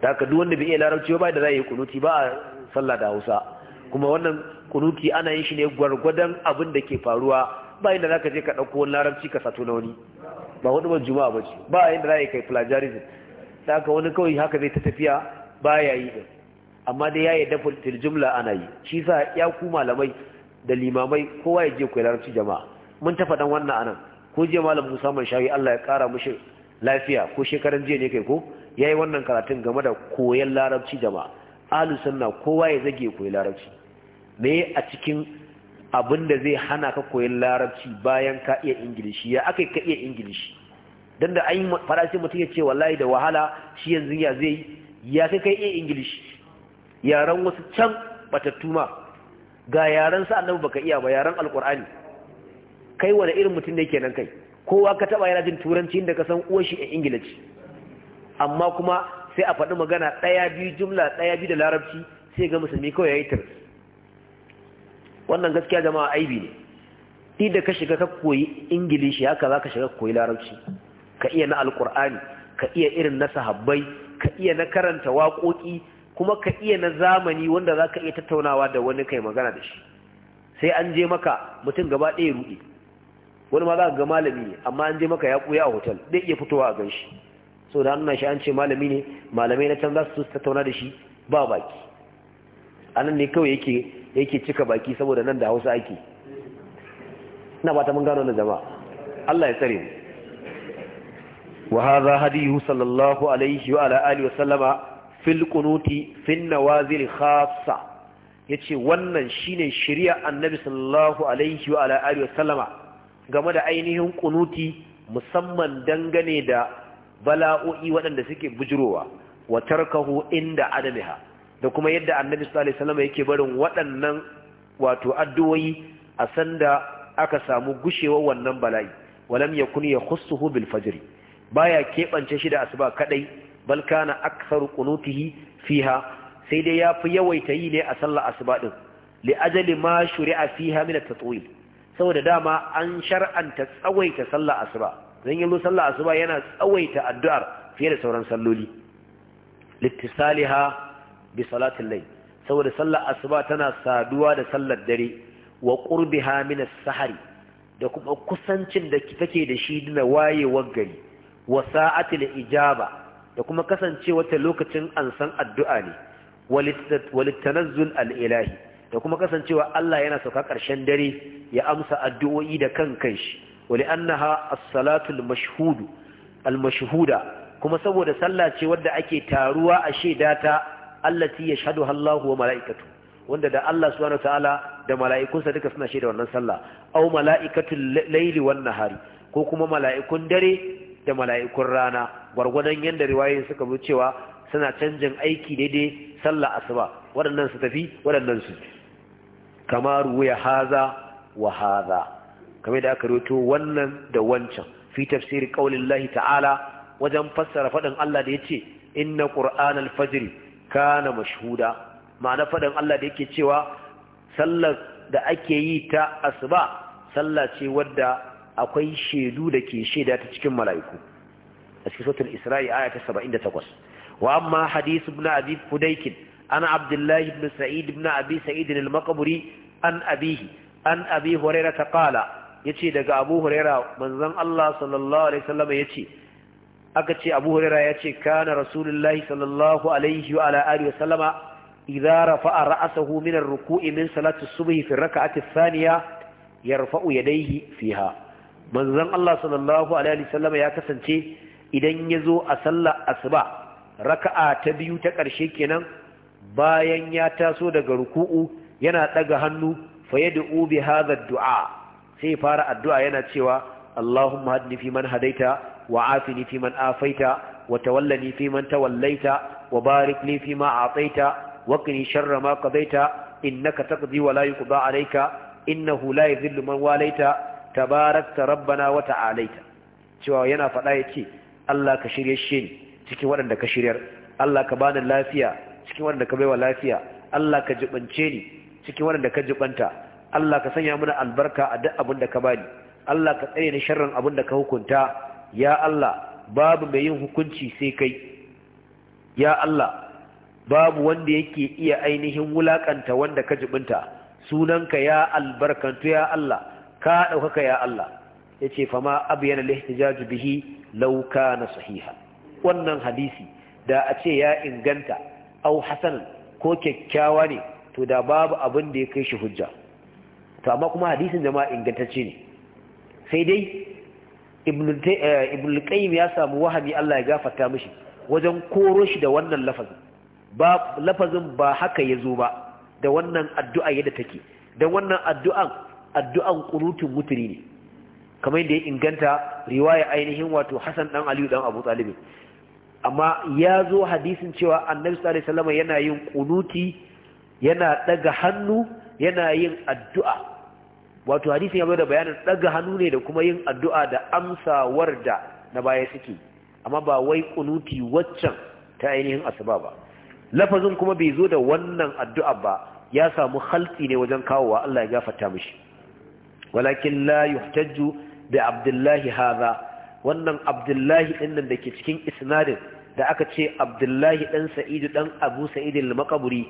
da aka duk wanda bai iya larabci ba da za yi kunuti ba a sallah da hausa kuma wannan kunuti ana yin shi ne gwargwadon abin da ke faruwa ba inda zaka je ka dauko wani larabci ka sato na wani ba wani ban juma'a ba ce ba inda za kai plagiarism da haka wani kawai haka zai ta tafiya ba ya yi din amma dai ya yi fil jumla ana yi shi sa ya ku malamai da limamai kowa ya je koyi larabci jama'a mun ta faɗan wannan anan ko je malam Musa man shayi Allah ya kara mushi lafiya ko shekaran jiya ne kai ko ya yi wannan karatun game da koyan larabci jama'a ahlu sunna kowa ya zage koyi larabci me a cikin abin da zai hana ka koyin larabci bayan ka iya ingilishi ya aka ka iya ingilishi don da an fara sai mutum ya ce wallahi da wahala shi yanzu ya zai ya kai ka iya ingilishi yaren wasu can batattu ma ga yaren sa annabi baka iya ba yaren alkur'ani kai wani irin mutum ne kenan kai kowa ka taba yana jin turanci da ka san uwar shi a ingilishi amma kuma sai a faɗi magana ɗaya biyu jumla ɗaya biyu da larabci sai ga musulmi kawai ya yi wannan gaskiya jama'a aibi ne duk da ka shiga ka koyi ingilishi haka za ka shiga koyi larabci ka iya na alkur'ani ka iya irin na sahabbai ka iya na karanta waƙoƙi kuma ka iya na zamani wanda za ka iya tattaunawa da wani kai magana da shi sai an je maka mutum gaba ɗaya ruɗe wani ma za ka ga malami ne amma an je maka ya ɓuya a hotel zai iya fitowa a ganshi so da hannun shi an ce malami ne malamai na can za su tattauna da shi ba baki Anan ne kawai yake yake cika baki saboda nan da hausa ake ina ba ta mun gano na jama'a Allah ya tsare mu wa hadha hadiyyu sallallahu alaihi wa ala alihi wa sallama fil qunuti fin nawazil khassa yace wannan shine shari'a annabi sallallahu alaihi wa ala alihi wa sallama game da ainihin Qunuti, musamman dangane da bala'o'i waɗanda suke bujurowa wa tarkahu inda adamiha da kuma yadda annabi sallallahu alaihi wasallam yake barin waɗannan wato addu'o'i a sanda aka samu gushewar wannan bala'i walam yakun yakhussuhu bil fajr baya keɓance shi da asuba kadai bal kana aktharu qunutihi fiha sai dai yafi yawaita yi ne a sallar asuba din li ajali ma shuri'a fiha min at-tatwil saboda dama an shar'anta tsawaita sallar asuba dan yin sallar asuba yana tsawaita addu'ar fiye da sauran salloli littisaliha bi salatin lai saboda sallar asuba tana saduwa da sallar dare wa qurbiha min as-sahari da kuma kusancin da take da shi na wayewar gari wa sa'atil ijaba da kuma kasancewa ta lokacin ansan addu'a ne walittanazzul al-ilahi da kuma kasancewa Allah yana sauka ƙarshen dare ya amsa addu'o'i da kan kanshi wali annaha as-salatu al-mashhudu al-mashhuda kuma saboda sallah ce wadda ake taruwa a shedata allati yashhaduha Allahu wa malaikatu wanda da Allah subhanahu ta'ala da mala'ikunsa duka suna shaida wannan sallah aw mala'ikatul layli wan nahari ko kuma mala'ikun dare da mala'ikun rana gwargwadon yanda riwayoyin suka zo cewa suna canjin aiki daidai sallah asuba waɗannan su tafi waɗannan su kama ruwaya haza wa haza kamar da aka rawaito wannan da wancan fi tafsiri qaulillahi ta'ala wajen fassara faɗin Allah da yace inna qur'anal fajri kana mashhuda ma'ana faɗin Allah da yake cewa sallar da ake yi ta asuba sallah ce wadda akwai shaidu da ke shaida ta cikin mala'iku a cikin sautin isra'i aya ta 78 wa amma hadis ibn abi fudaykin ana abdullah ibn sa'id ibn abi sa'id al-maqburi an abihi an abi hurairah ta qala yace daga abu hurairah manzon Allah sallallahu alaihi wasallam yace aka ce abu hurera ya ce kana rasulullahi sallallahu alaihi wa ala alihi wa idza rafa'a ra'sahu min ar-ruku'i min salati as-subhi fi ar-rak'ati ath-thaniya yarfa'u yadayhi fiha manzon Allah sallallahu alaihi wa ya kasance idan yazo a sallar asuba raka'a ta biyu ta ƙarshe kenan bayan ya taso daga ruku'u yana daga hannu fayad'u bi hadha ad-du'a sai fara addu'a yana cewa Allahumma hadni fi man hadaita وعافني فيمن آفيت وتولني فيمن توليت وبارك لي فيما أعطيت وقني شر ما قضيت إنك تقضي ولا يقضى عليك إنه لا يذل من واليت تباركت ربنا وتعاليت cewa yana faɗa ya ce Allah ka shirye shi cikin waɗanda ka shiryar Allah ka bani lafiya cikin waɗanda ka baiwa lafiya Allah ka jibance ni cikin waɗanda ka jibanta Allah ka sanya mana albarka a duk abin ka bani Allah ka tsare ni abin da ka hukunta ya Allah babu mai yin hukunci sai kai ya Allah babu wanda yake iya ainihin wulakanta wanda ka jibinta sunanka ya albarkantu ya Allah ka ɗaukaka ya Allah ya ce fama abiyana lihtijaju bihi lauka na sahiha wannan hadisi da a ce ya inganta au hasan ko kyakkyawa ne to da babu abin da ya kai shi hujja to amma kuma hadisin jama'a ingantacce ne sai dai ibn eh, qayyim ya samu wahami Allah ya gafarta mishi wajen koro shi da wannan lafazin ba lafazin ba haka ya zo ba da wannan addu'a yadda take dan wannan addu'an addu'an qunutun mutri ne kamar yadda ya inganta riwaya ainihin wato Hassan dan Aliyu dan Abu Talib amma ya zo hadisin cewa Annabi sallallahu alaihi wasallam yana yin qunuti yana daga hannu yana yin addu'a wato hadisin ya zo da bayanin daga hannu ne da kuma yin addu'a da amsawar da na baya suke amma ba wai kunuti waccan ta ainihin asuba ba lafazin kuma bai zo da wannan addu'a ba ya samu haltsi ne wajen kawowa Allah ya gafarta mishi walakin la yuhtajju bi abdullahi hadha wannan abdullahi din nan dake cikin isnadin da aka ce abdullahi dan sa'id dan abu sa'id al-maqburi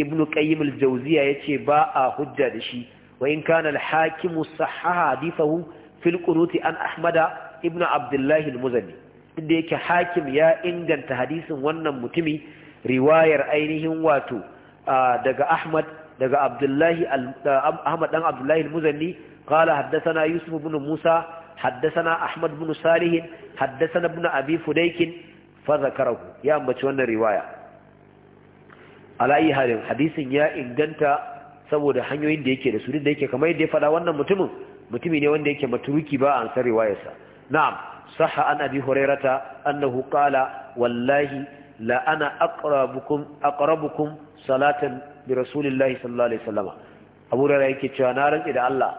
ibnu qayyim al-jawziya yace ba a hujja da shi wa in kana al-hakim sahaha hadithahu fil qunuti an ahmada ibnu abdullah al-muzani inda yake hakim ya inganta hadisin wannan mutumi riwayar ainihin wato daga ahmad daga abdullahi ahmad dan abdullahi al-muzanni qala haddathana yusuf ibn musa haddathana ahmad ibn salih haddathana ibn abi fudayk fa zakarahu ya ambaci wannan riwaya alai halin hadisin ya inganta saboda hanyoyin da yake da su da da yake kamar yadda ya faɗa wannan mutumin mutumi ne wanda yake maturuki ba an san riwayarsa na'am sahha an abi hurairata annahu qala wallahi la ana aqrabukum aqrabukum salatan bi rasulillahi sallallahu alaihi wasallam abu hurairah yake cewa na rantsi da Allah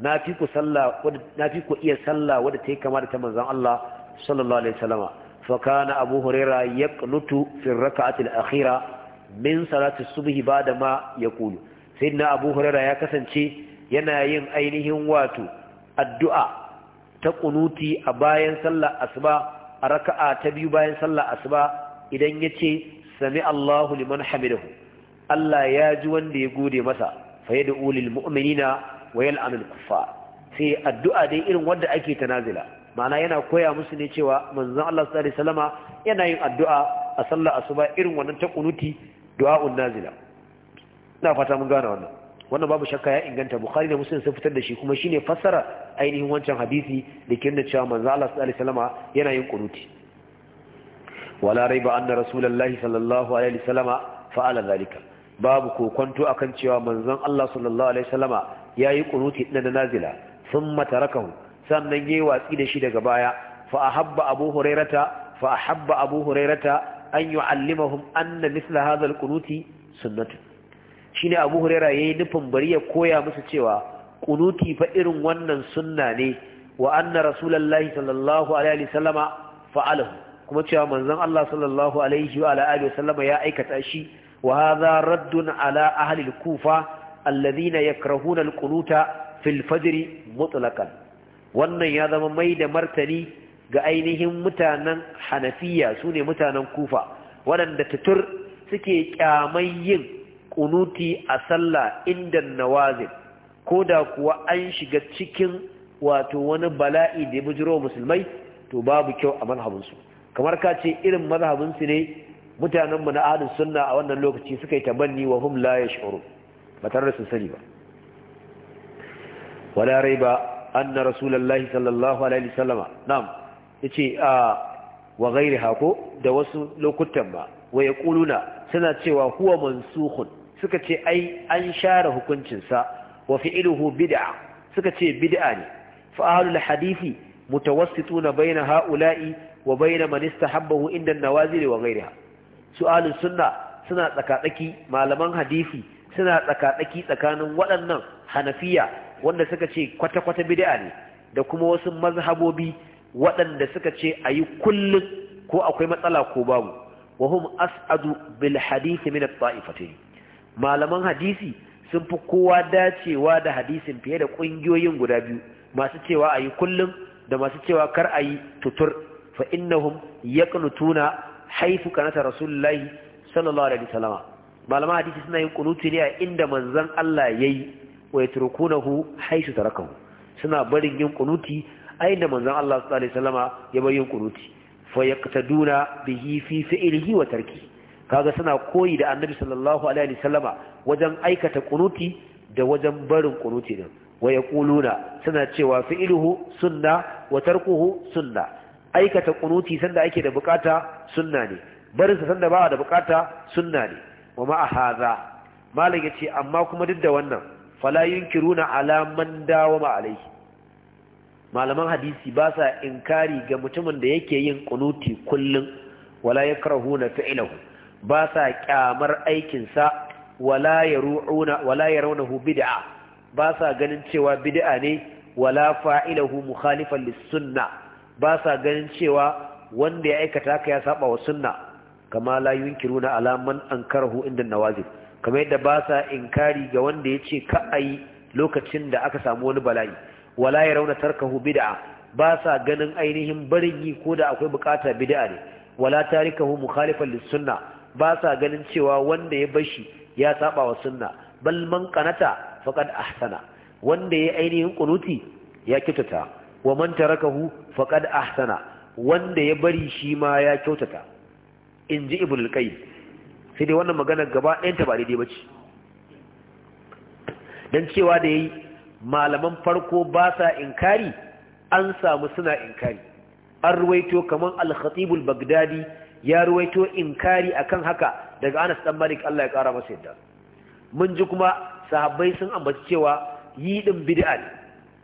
na fi ku sallah na fi ku iya sallah wadda ta yi kama da ta manzon Allah sallallahu alaihi wasallam fa kana abu hurairah yaqnutu fi rak'ati akhirah min salati as ba ba'da ma yaqulu na abu huraira ya kasance yana yin ainihin wato addu'a ta kunuti a bayan sallar asuba a raka'a ta biyu bayan sallar asuba idan ce, sami Allahu liman hamidahu Allah ya ji wanda ya gode masa fa da ulil mu'minina wa yal'anul kuffar sai addu'a dai irin wanda ake tanazila ma'ana yana koya musu ne cewa manzon Allah sallallahu alaihi wasallama yana yin addu'a a sallar asuba irin wannan ta kunuti du'a'un nazila ina fata mun gane wannan wannan babu shakka ya inganta bukhari da muslim sun fitar da shi kuma shine fassara ainihin wancan hadisi da ke nuna cewa manzo Allah sallallahu alaihi wasallama yana yin kunuti wala raiba anna rasulullahi sallallahu alaihi wasallama fa'ala zalika babu kokonto akan cewa manzon Allah sallallahu alaihi wasallama yayi kunuti din da nazila thumma tarakahu sannan yayi watsi da shi daga baya fa ahabba abu hurairata fa ahabba abu hurairata an yu'allimahum anna mithla hadha al-qunuti sunnatun shine Abu Huraira yayi nufin bari ya koya musu cewa kunuti fa irin wannan sunna ne wa anna rasulullahi sallallahu alaihi wasallama fa'alahu kuma cewa manzon Allah sallallahu alaihi wa alihi ya aikata shi wa hadha raddun ala ahli al-kufa alladhina yakrahuna al-qunuta fil fajr mutlaqan wannan ya zama mai da martani ga ainihin mutanen Hanafiya sune mutanen Kufa waɗanda tutur suke kyamai yin kunuti a sallah inda nawazin ko da kuwa an shiga cikin wato wani bala'i da ya bujiro musulmai to babu kyau a manhabinsu kamar ka ce irin mazhabinsu ne mutanenmu na ahlus sunna a wannan lokaci suka yi tabanni wa hum la yash'uru ba tare da sun sani ba wala raiba anna rasulullahi sallallahu alaihi wasallama na'am yace a wa ghairiha ko da wasu lokutan ba wa yaquluna suna cewa huwa mansukhun suka ce ai an share hukuncinsa wa fi'iluhu bid'a suka ce bid'a ne fa ahlul hadisi mutawassituna baina ha'ula'i wa baina man istahabbahu inda an-nawazil wa ghayriha su sunna suna tsakatsaki malaman hadisi suna tsakatsaki tsakanin waɗannan hanafiya wanda suka ce kwata-kwata bid'a ne da kuma wasu mazhabobi waɗanda suka ce ayi kullun ko akwai matsala ko babu wa hum as'adu bil hadisi min at-ta'ifatayn malaman hadisi sun fi kowa dacewa da hadisin fiye da ƙungiyoyin guda biyu masu cewa a yi kullum da masu cewa kar a yi tutur fa innahum yaqnutuna haifu kanata rasulullahi sallallahu alaihi wasallama malaman hadisi suna yin kunuti ne a inda manzon Allah yayi wa yatrukunahu haisu tarakahu suna barin yin kunuti a inda manzon Allah sallallahu alaihi wasallama ya bar yin kunuti fa yaqtaduna bihi fi fi'lihi wa tarkihi kaga suna koyi da annabi sallallahu alaihi wasallama wajen aikata kunuti da wajen barin kunuti din wa suna cewa fi'iluhu sunna wa tarkuhu sunna aikata kunuti sanda ake da bukata sunna ne barin sa sanda ba da bukata sunna ne wa ma hadha malam yace amma kuma duk da wannan fala yunkiruna ala man ma alaihi malaman hadisi ba sa inkari ga mutumin da yake yin kunuti kullum wala yakrahuna fi'iluhu ba sa kyamar aikinsa wala yarunahu bid'a ba sa ganin cewa bid'a ne wala fa'ilahu mukhalifan lis-sunna ba sa ganin cewa wanda ya aikata ka ya saba wa sunna kama la yunkiruna alaman man ankarahu inda nawazil kamar yadda ba sa inkari ga wanda ya ce ka yi lokacin da aka samu wani bala'i wala yarawna tarkahu bid'a ba sa ganin ainihin barin yi ko da akwai bukata bid'a ne wala tarikahu mukhalifan lis-sunna ba sa ganin cewa wanda ya bashi ya saba wa sunna bal man qanata faqad ahsana wanda ya ainihin kunuti ya kyautata wa man tarakahu faqad ahsana wanda ya bari shi ma ya kyautata inji ibnul qayyim sai dai wannan magana gaba ɗayan ta ba daidai bace dan cewa da yayi malaman farko ba sa inkari an samu suna inkari an ruwaito kaman al-khatib al-baghdadi ya ruwaito inkari akan haka daga Anas dan Malik Allah ya kara masa yadda mun ji kuma sahabbai sun ambaci cewa yi din bid'a ne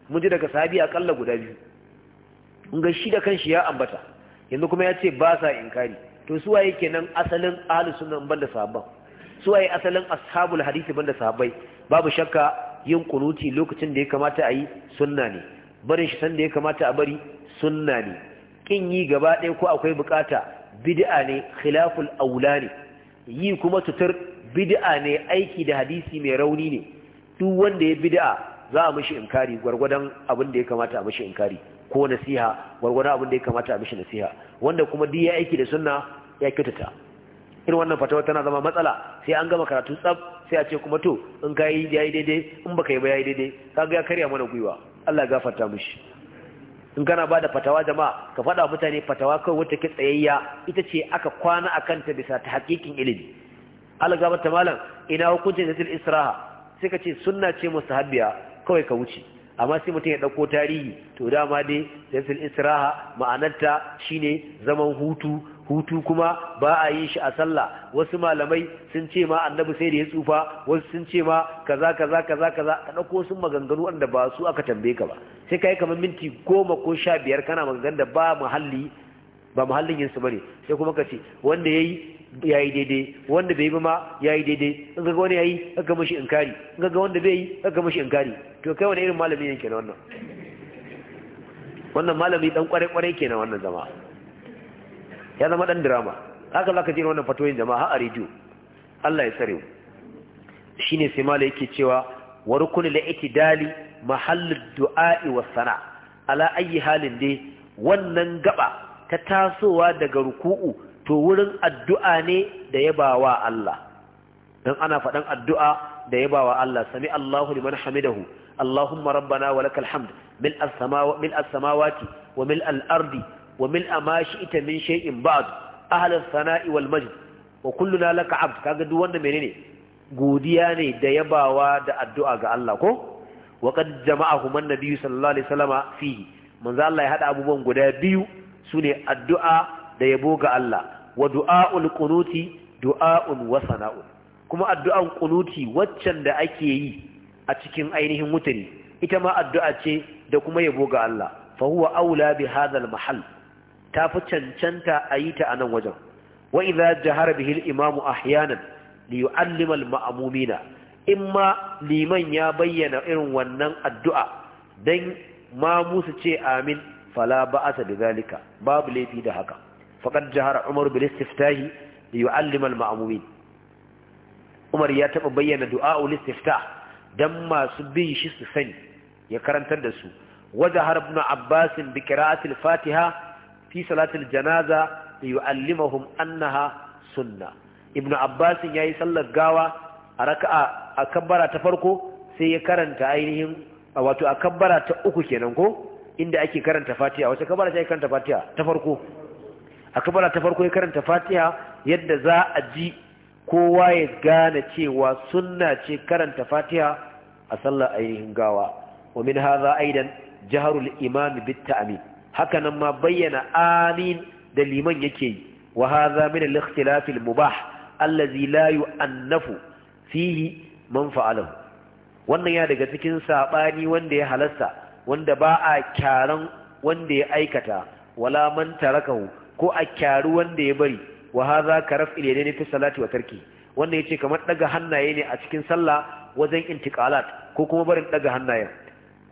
mun ji daga sahabi akalla guda biyu mun ga shi da kanshi ya ambata yanzu kuma ya ce ba sa inkari to su waye kenan asalin ahlus sunna banda sahabban su waye asalin ashabul hadisi banda sahabbai babu shakka yin kunuti lokacin da ya kamata a yi sunna ne barin shi sanda ya kamata a bari sunna ne kin yi gaba ɗaya ko akwai bukata bid'a ne khilaful aula ne yi kuma tutar bid'a ne aiki da hadisi mai rauni ne duk wanda ya bid'a za a mishi inkari gwargwadon abin da ya kamata a mishi inkari ko nasiha gwargwadon abin da ya kamata a mishi nasiha wanda kuma duk ya aiki da sunna ya kyautata irin wannan fatawa tana zama matsala sai an gama karatu tsaf sai a ce kuma to in ka yi daidai in baka yi ba yayi daidai kaga ya karya mana gwiwa Allah ya gafarta mishi in kana ba da fatawa jama'a ka faɗa mutane fatawa kawai wata ke tsayayya ita ce aka kwana a kanta bisa ta hakikin ilimi algaba ta malam ina hukuncin zatil israha sai ka ce sunna ce habiya kawai ka wuce amma sai mutum ya ɗauko tarihi to dama dai zatil israha ma'anarta shine zaman hutu hutu kuma ba a yi shi a sallah wasu malamai sun ce ma annabi sai da ya tsufa wasu sun ce ma kaza kaza kaza kaza ka dauko sun maganganu wanda ba su aka tambaye ka ba sai kai kamar minti goma ko sha biyar kana maganganun da ba muhalli ba muhallin yin su bane sai kuma ka ce wanda yayi yayi daidai wanda bai ba ma yayi daidai in ga wani yayi aka mishi inkari in ga wanda bai yi aka mishi inkari to kai wani irin malami yake na wannan wannan malami dan kware kware kenan wannan jama'a ya zama ɗan drama haka zaka ji wannan fatoyin jama'a a rediyo Allah ya tsare shi shine sai mala yake cewa wa rukun al-i'tidali mahallud du'a'i was sana ala ayi halin dai wannan gaba ta tasowa daga ruku'u to wurin addu'a ne da yabawa Allah dan ana faɗan addu'a da yabawa Allah sami Allahu liman hamidahu Allahuma rabbana wa lakal hamd mil as-samawati wa mil ardi wa min amashi ita min shay'in ba'd ahlus sana'i wal wa kulluna laka abd kaga duk wanda menene godiya ne da yabawa da addu'a ga Allah ko wa qad jama'ahu man nabiyyu sallallahu alaihi wasallama fihi manzo Allah ya hada abubuwan guda biyu sune addu'a da yabo ga Allah wa du'a'un qunuti du'aun wa sana'un kuma addu'an qunuti waccan da ake yi a cikin ainihin mutane ita ma addu'a ce da kuma yabo ga Allah fa huwa aula bi hadha al mahall ta fi cancanta a yi ta a nan wajen wa jihar jahara bihi al-imamu ahyanan li yu'allima al-ma'mumina imma liman ya bayyana irin wannan addu'a dan ma musu ce amin fala ba'asa bi zalika babu laifi da haka faqad jahara umar bil istiftahi li yu'allima al-ma'mumin umar ya taba bayyana du'a ul istiftah dan masu bi shi su sani ya karantar da su wajahar ibn abbas bi fatiha fi salatul janaza li yu'allimahum annaha sunna ibn ya yi sallar gawa a raka'a a kabbara ta farko sai ya karanta ainihin wato a kabbara ta uku kenan ko inda ake karanta fatiha wace kabbara ta karanta fatiha ta farko a kabbara ta farko ya karanta fatiha yadda za a ji kowa ya gane cewa sunna ce karanta fatiha a sallar ainihin gawa wa min hadha aidan jaharul imam bit ta'min haka nan ma bayyana amin da liman yake yi wa hadha min al-ikhtilaf al-mubah allazi la yu'annafu fihi man fa'alahu wannan ya daga cikin sabani wanda ya halasta wanda ba a kyaran wanda ya aikata wala man tarakahu ko a kyaru wanda ya bari wa hadha karaf ilayni fi salati wa tarki wannan yace kamar daga hannaye ne a cikin sallah wajen intiqalat ko kuma barin daga hannayen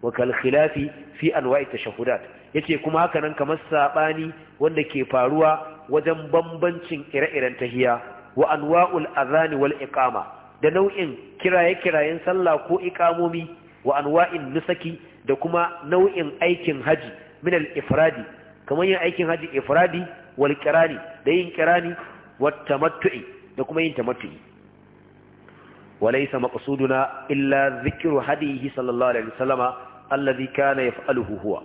wa kal khilafi fi anwa'i tashahhudat yace kuma haka nan kamar sabani wanda ke faruwa wajen bambancin ire-iren tahiya wa anwa'ul azani wal iqama da nau'in kiraye-kirayen sallah ko iqamomi wa anwa'in nusaki da kuma nau'in aikin haji min al ifradi kamar yin aikin haji ifradi wal qirani da yin qirani wat tamattu'i da kuma yin tamattu'i وليس مقصودنا إلا ذكر هديه صلى الله عليه وسلم الذي كان يفعله هو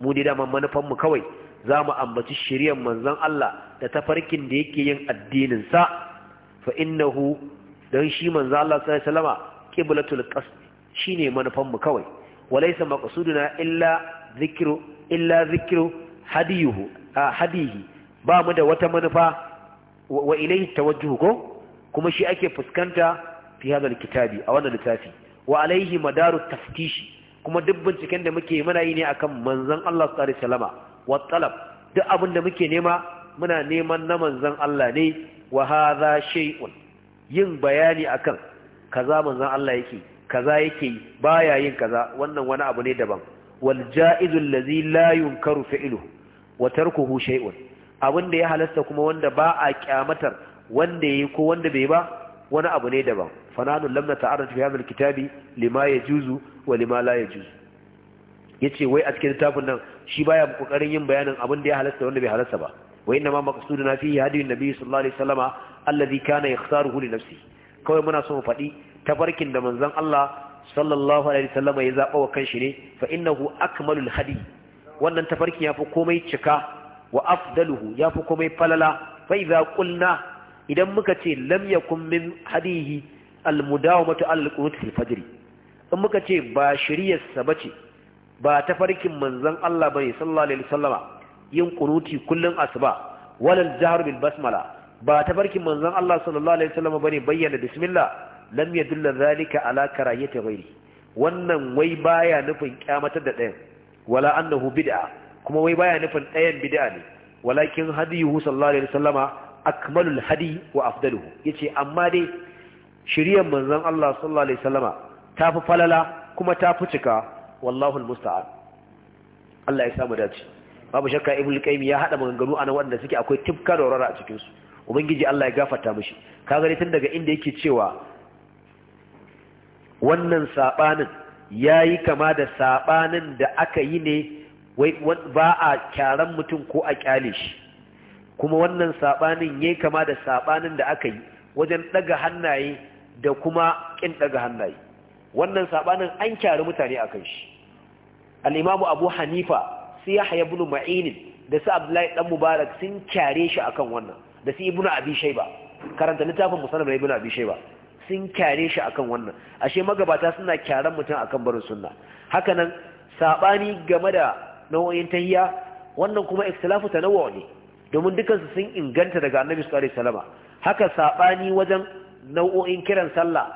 mu dai daman manufanmu kawai za mu ambaci shiryan manzon Allah da tafarkin da yake yin addininsa fa innahu dan shi manzon Allah sallallahu alaihi wasallama qiblatul qasd shine manufanmu kawai walaysa maqsuduna illa zikru illa zikru hadiyuhu hadihi ba mu da wata manufa wa ilayhi tawajjuhu ko kuma shi ake fuskanta fi hadha alkitabi a wannan littafi wa alaihi madaru taftishi kuma duk binciken da muke muna yi ne akan manzon Allah sallallahu alaihi wasallama wa talab duk abin da muke nema muna neman na manzon Allah ne wa hadha shay'un yin bayani akan kaza manzon Allah yake kaza yake baya yin kaza wannan wani abu ne daban wal ja'izul ladzi la yunkaru fi'luhu wa tarkuhu shay'un abin da ya halasta kuma wanda ba a kyamatar wanda yayi ko wanda bai ba wani abu ne daban Fanadun lam nata'arraj fi hadha alkitabi lima yajuzu wani ma ya juzu ya ce wai a cikin littafin nan shi baya kokarin yin bayanin abin da ya halasta wanda bai halasta ba wai inna ma maqsuduna fihi hadiyun nabiy sallallahu alaihi wasallama alladhi kana yakhtaruhu li nafsi kawai muna so mu faɗi tabarkin da manzon Allah sallallahu alaihi wasallama ya zaba wa kanshi ne fa innahu akmalul hadi wannan tafarkin yafi komai cika wa afdaluhu yafi komai falala fa idza qulna idan muka ce lam yakun min hadihi al mudawamatu al qunut fil fajr in muka ce ba shiryarsa ba ce ba ta farkin manzon Allah bane sallallahu alaihi wasallama yin kunuti kullun asuba walal jahar bil basmala ba ta farkin manzon Allah sallallahu alaihi wasallama bane bayyana bismillah lam yadulla zalika ala karahiyati ghairi wannan wai baya nufin kyamatar da ɗayan wala annahu bid'a kuma wai baya nufin ɗayan bid'a ne walakin hadiyuhu sallallahu alaihi wasallama akmalul hadi wa afdaluhu yace amma dai shiriyar manzon Allah sallallahu alaihi wasallama ta fi falala kuma ta fi cika wallahu musta'an Allah ya samu dace babu shakka ibnu qayyim ya hada maganganu ana wanda suke akwai tifkar rora a cikin su ubangiji Allah ya gafarta mishi kaga ne tun daga inda yake cewa wannan sabanin yayi kama da sabanin da aka yi ne wai ba a kyaran mutum ko a kyale shi kuma wannan sabanin yayi kama da sabanin da aka yi wajen daga hannaye da kuma kin daga hannaye wannan sabanin an kyari mutane akan shi al-imamu abu hanifa sai yahya ibn ma'in da sa abdullahi dan mubarak sun kyare shi akan wannan da sai ibnu abi shayba karanta littafin musannaf ibnu abi shayba sun kyare shi akan wannan ashe magabata suna kyaran mutum akan barin sunna hakanan sabani game da nau'o'in tahiyya wannan kuma ikhtilafu tanawwu ne domin dukansu sun inganta daga annabi sallallahu alaihi wasallam haka sabani wajen nau'o'in kiran sallah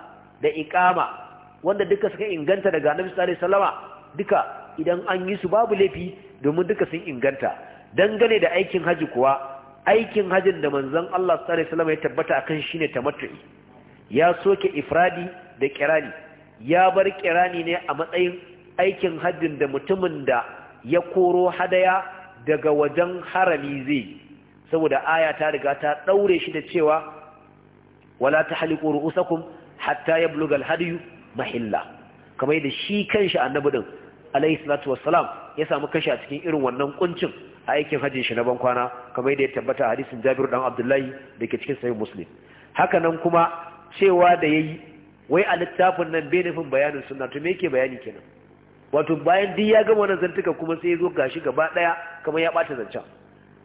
da iqama wanda duka suka inganta daga annabi sallallahu alaihi duka idan an yi su babu laifi domin duka sun inganta dangane da aikin haji kuwa aikin hajin da manzon Allah sallallahu alaihi wasallam ya tabbata akan shine tamattu'i ya soke ifradi da kirani ya bar kirani ne a matsayin aikin hajjin da mutumin da ya koro hadaya daga wajen harami zai saboda aya ta riga ta daure shi da cewa wala tahliqu ru'usakum hatta yablugha al-hadyu mahilla kamar yadda shi kanshi annabi din alayhi salatu wassalam ya samu kashi a cikin irin wannan kuncin a aikin hajjin shi na ban kwana kamar yadda ya tabbata hadisin Jabir dan Abdullahi da ke cikin sahih Muslim haka nan kuma cewa da yayi wai a littafin nan bai nufin bayanin sunna to me yake bayani kenan wato bayan duk ya gama wannan zantuka kuma sai ya zo gashi gaba daya kamar ya bata zancen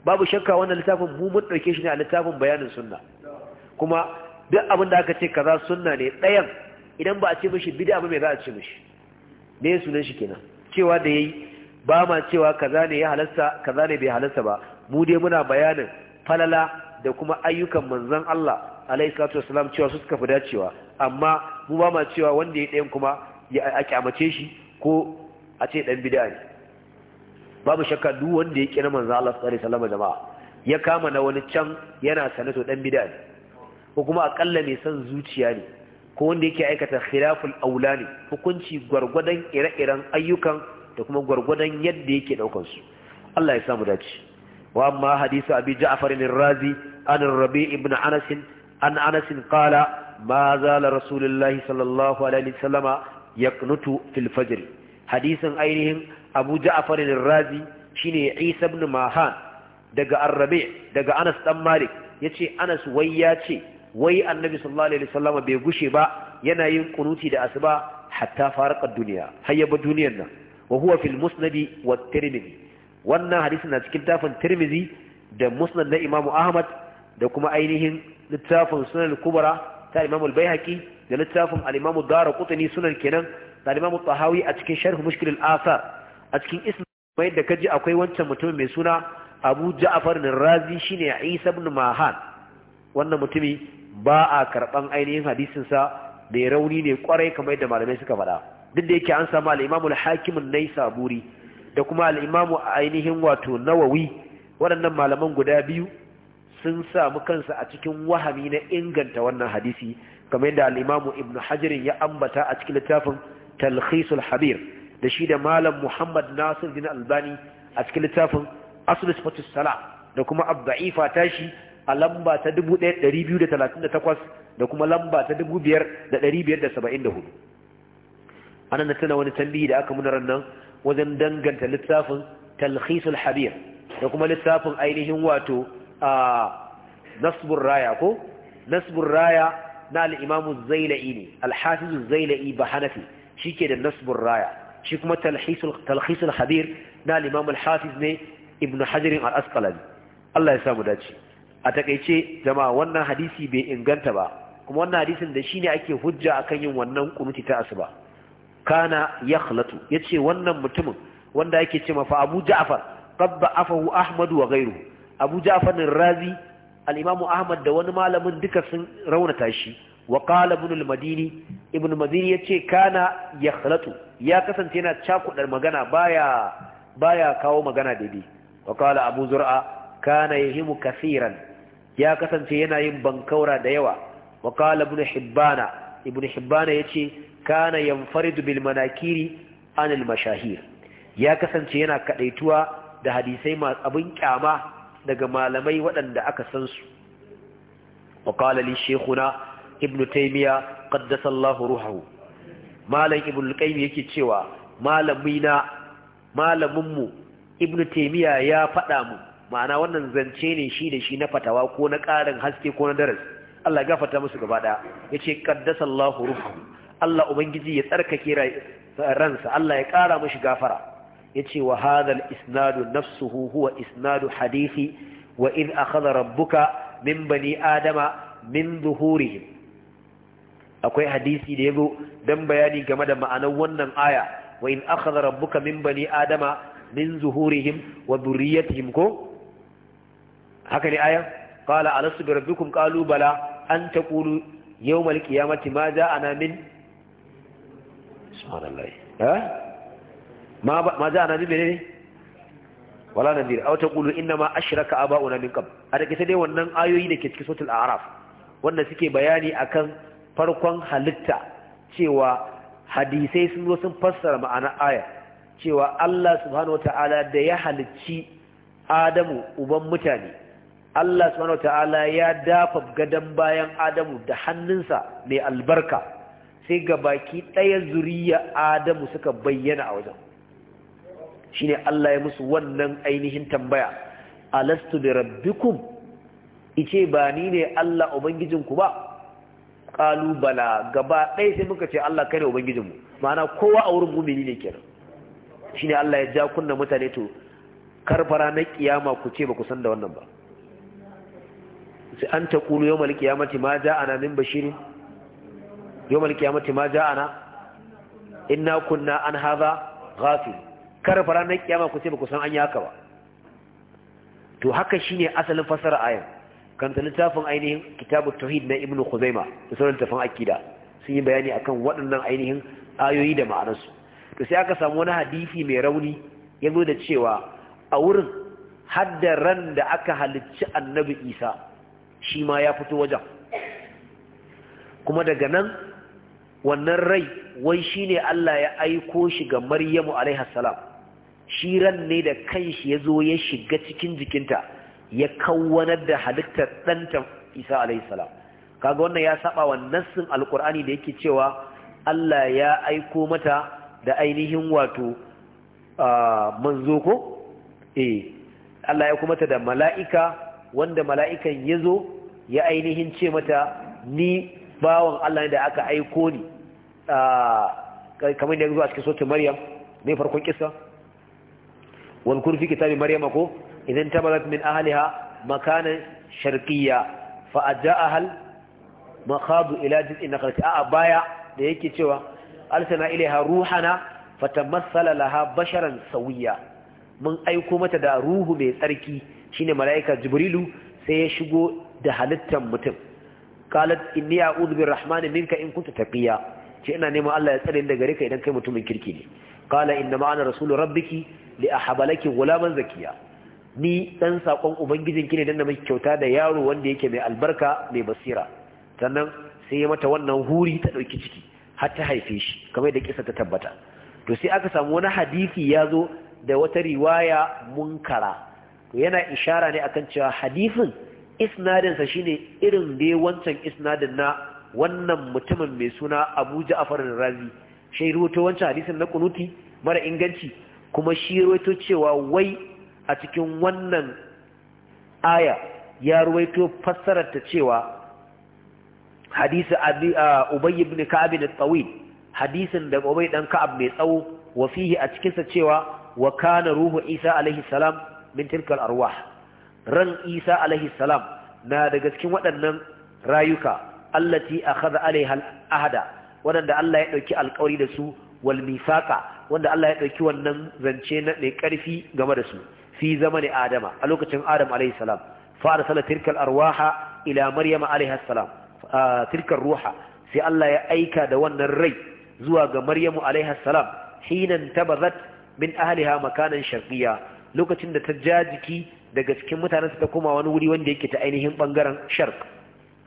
babu shakka wannan littafin mu mun dauke shi ne a littafin bayanin sunna kuma duk abin da aka ce kaza sunna ne ɗayan idan ba a ce mishi bid'a ba mai za a ce mishi ne sunan shi kenan cewa da yayi ba ma cewa kaza ne ya halasta kaza ne bai halasta ba mu dai muna bayanin falala da kuma ayyukan manzon Allah alaihi salatu wasalam cewa su suka fi dacewa amma mu ba ma cewa wanda ya ɗayan kuma ya a kyamace shi ko a ce dan bid'a ne babu shakka duk wanda ya kira manzon Allah sallallahu alaihi wasallam jama'a ya kama na wani can yana sanato dan bid'a ne ko kuma akalla mai san zuciya ne ko wanda yake aikata khilaful aula ne hukunci gwargwadon ire-iren ayyukan da kuma gwargwadon yadda yake daukan su Allah ya samu dace wa amma hadisu abi ja'far bin razi an rabi ibn anas an anas qala ma zala rasulullahi sallallahu alaihi wasallama yaqnutu fil fajr hadisin ainihin abu ja'far bin razi shine isa ibn mahan daga arrabi daga anas dan malik yace anas wai ya ce wai annabi sallallahu alaihi wasallam bai gushe ba yana yin kunuti da asuba hatta farqa duniya ba duniyar nan wa huwa fil musnad wa tirmidhi wannan hadisin na cikin tafin tirmidhi da musnad na imamu ahmad da kuma ainihin littafin sunan kubra ta imamu al-baihaqi da littafin al-imamu darqutni sunan kenan da imamu tahawi a cikin sharh mushkil al-athar a cikin ismai da kaji akwai wancan mutum mai suna abu ja'far bin razi shine isa ibn mahan wannan mutumi ba a karban ainihin hadisin sa mai rauni ne kwarai kamar yadda malamai suka faɗa duk da yake an samu al'imamu imam al-Hakim an-Naisaburi da kuma al'imamu a ainihin wato Nawawi waɗannan malaman guda biyu sun samu kansa a cikin wahami na inganta wannan hadisi kamar yadda al'imamu ibnu Ibn Hajar ya ambata a cikin littafin talkhisul habir da shi da malam Muhammad Nasir bin Albani a cikin littafin Asl Sifatus Salah da kuma Da'ifa tashi a lamba ta 1238 da kuma lamba ta 5574 anan na tana wani tambayi da aka muna rannan wajen danganta littafin talhisul habir da kuma littafin ainihin wato a nasbur raya ko nasbur raya na imam'u zaila'i ne alhafizu zaila'i ba hanafi shi ke da nasbur raya shi kuma talhisul habir na al'imamu alhafiz ne ibn hajirin al'askalani Allah ya samu dace a takaice jama'a wannan hadisi bai inganta ba kuma wannan hadisin da shine ake hujja akan yin wannan kunuti ta asuba kana yakhlatu yace wannan mutumin wanda yake cewa fa Abu Ja'far qabba afahu Ahmad wa ghayruhu Abu Ja'far razi al-Imam Ahmad da wani malamin duka sun raunata shi wa qala ibn al-Madini ibn al-Madini yace kana yakhlatu ya kasance yana cakudar magana baya baya kawo magana daidai wa qala Abu Zur'a kana yahimu kaseeran ya kasance yana yin bankaura da yawa wa ibn hibbana ibn hibbana yace kana yanfaridu bil manakiri anil mashahir ya kasance yana kadaituwa da hadisai masu abin kyama daga malamai waɗanda aka san su wa li shaykhuna ibn Taimiya qaddasa Ruhu. malam ibn qayyim yake cewa malamina malamin mu ibn Taimiya ya faɗa mu ma'ana wannan zance ne shi da shi na fatawa ko na ƙarin haske ko na daras. Allah ya gafarta musu gaba ɗaya yace qaddasallahu ruhu Allah ubangiji ya tsarkake ransa Allah ya ƙara mishi gafara yace wa hadhal isnadu nafsuhu huwa isnadu hadithi wa id akhadha rabbuka min bani adama min zuhurihim akwai hadisi da yazo dan bayani game da ma'anar wannan aya wa in akhadha rabbuka min bani adama min zuhurihim wa dhurriyyatihim ko haka ne ayan qala alastu bi rabbikum qalu bala an taqulu yawmal qiyamati ma ja'ana min subhanallahi ha ma ma ja'ana min ne wala nadir aw taqulu inna ma ashraka aba'una min qab a daga sai dai wannan ayoyi da ke cikin suratul a'raf wanda suke bayani akan farkon halitta cewa hadisai sun zo sun fassara ma'ana aya cewa Allah subhanahu wataala da ya halicci Adamu uban mutane Allah subhanahu ta'ala ya dafa gadon bayan Adamu da hannunsa mai albarka sai ga baki ɗaya zuriya Adamu suka bayyana a wajen shine Allah ya musu wannan ainihin tambaya alastu bi rabbikum ice ba ni ne Allah ubangijinku ba qalu bala gaba ɗaya sai muka ce Allah kai ne ubangijinmu ma'ana kowa a wurin mumini ne kenan shine Allah ya ja kunna mutane to karfara na kiyama ku ce ba ku san da wannan ba sai an ta kulu yau ya yamati ma ana min bashirin yau ya yamati ma ana ina kunna an haza ghafil kar fara na kiyama ku ce ba ku san an yi haka ba to haka shine asalin fasara ayan kan ta littafin ainihin kitabu tauhid na ibnu khuzaima da sauran tafin akida sun yi bayani akan waɗannan ainihin ayoyi da ma'anarsu to sai aka samu wani hadisi mai rauni ya zo da cewa a wurin haddaran da aka halicci annabi isa shi ma ya fito wajen kuma daga nan wannan rai wai shi ne Allah ya aiko shi ga Maryamu alaihassalam shi ran ne da kanshi ya zo ya shiga cikin jikinta ya kawwanar da halittar ɗanta isa alaihassalam kaga wannan ya saba wa nassin alkur'ani da yake cewa Allah ya aiko mata da ainihin wato ah, manzo ko eh Allah ya aiko mata da mala'ika wanda mala'ikan ya zo ya ainihin ce mata ni bawan Allah ne da aka aiko ni kamar da ya a cikin sautin maryam ne farkon kisa wani kurfi kitabi maryam ko idan tabarat min ahliha makanan sharqiyya fa aja'ahal makhadu ila jiz'in nakhlati a baya da yake cewa alsana ilaha ruhana fatamassala laha basharan sawiyya mun aiko mata da ruhu mai tsarki shine mala'ika jibrilu sai ya shigo da halittar mutum qalat inni a'udhu birrahmani minka in kunta taqiya ce ina neman Allah ya tsare daga gare idan kai mutumin kirki ne qala inna ma'ana rasulu rabbiki li ahabalaki gulaman zakiya ni dan sakon ubangijinki ne dan da miki kyauta da yaro wanda yake mai albarka mai basira sannan sai ya mata wannan huri ta dauki ciki har ta haife shi kamar da kisa ta tabbata to sai aka samu wani hadisi ya zo da wata riwaya munkara yana ishara ne akan cewa hadisin isnadinsa shine irin dai wancan isnadin na wannan mutumin mai suna Abu Ja'far razi shi ruwato wancan hadisin na kunuti mara inganci kuma shi ruwato cewa wai a cikin wannan aya ya ruwaito fassarar ta cewa hadisi abi Ubay ibn Ka'ab ibn tawil hadisin da Ubay dan Ka'ab mai tsawo wa fihi a cikin sa cewa wa kana ruhu Isa alaihi salam min tilkal arwah ran isa alaihi salam na daga cikin waɗannan rayuka allati akhadha alaiha ahada wanda Allah ya dauki alƙawari da su wal misaqa wanda Allah ya dauki wannan zance na mai ƙarfi game da su fi zamani adama a lokacin adam alaihi salam fa arsala tilkal ila Maryam alaiha salam ah, tilkar ruha sai Allah ya aika da wannan rai zuwa ga maryamu alaiha salam hinan tabazat min ahliha makanan sharqiyya lokacin da ta ja jiki daga cikin mutanen ta koma wani wuri wanda yake ta ainihin bangaren sharq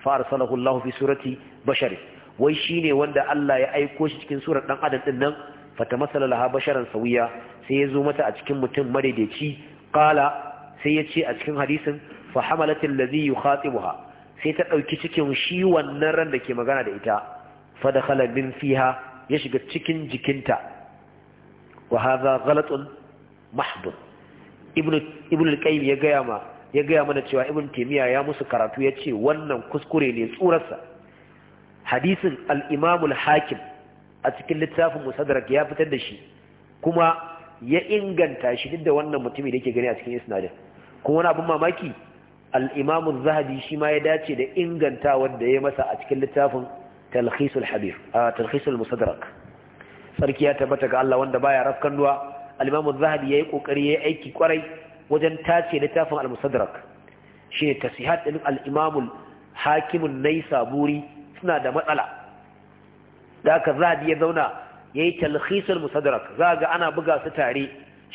fa arsalahu Allah fi surati bashari wai shine wanda Allah ya aiko shi cikin surar dan adam din nan fatamasala laha basharan sawiya sai ya zo mata a cikin mutum madaidaici qala sai ya ce a cikin hadisin fa hamalatil ladhi yukhatibuha sai ta dauki cikin shi wannan ran da ke magana da ita fa dakhala bin fiha ya shiga cikin jikinta wa hadha ghalatun ibn al-qayyim ya gaya yama ya mana cewa ibn taymiya ya musu karatu ya ce wannan kuskure ne tsurarsa hadisin al-imam al-hakim a cikin littafin musaddarak ya fitar da shi kuma ya inganta shi duk da wannan mutumin da yake gani a cikin isnadin kuma wani abin mamaki al-imam az-zahabi shi ma ya dace da inganta wanda ya masa a cikin littafin talkhisul habir talkhisul musaddarak sarki ya tabbata ga Allah wanda baya rafkan duwa al-Imam ya yi yayi ya yi aiki kwarai wajen tace littafin al-Musaddarak shi tasihat din al-Imam al-Hakim an suna da matsala da haka Zahabi ya zauna yayi talkhis musadrak za ga ana buga su tare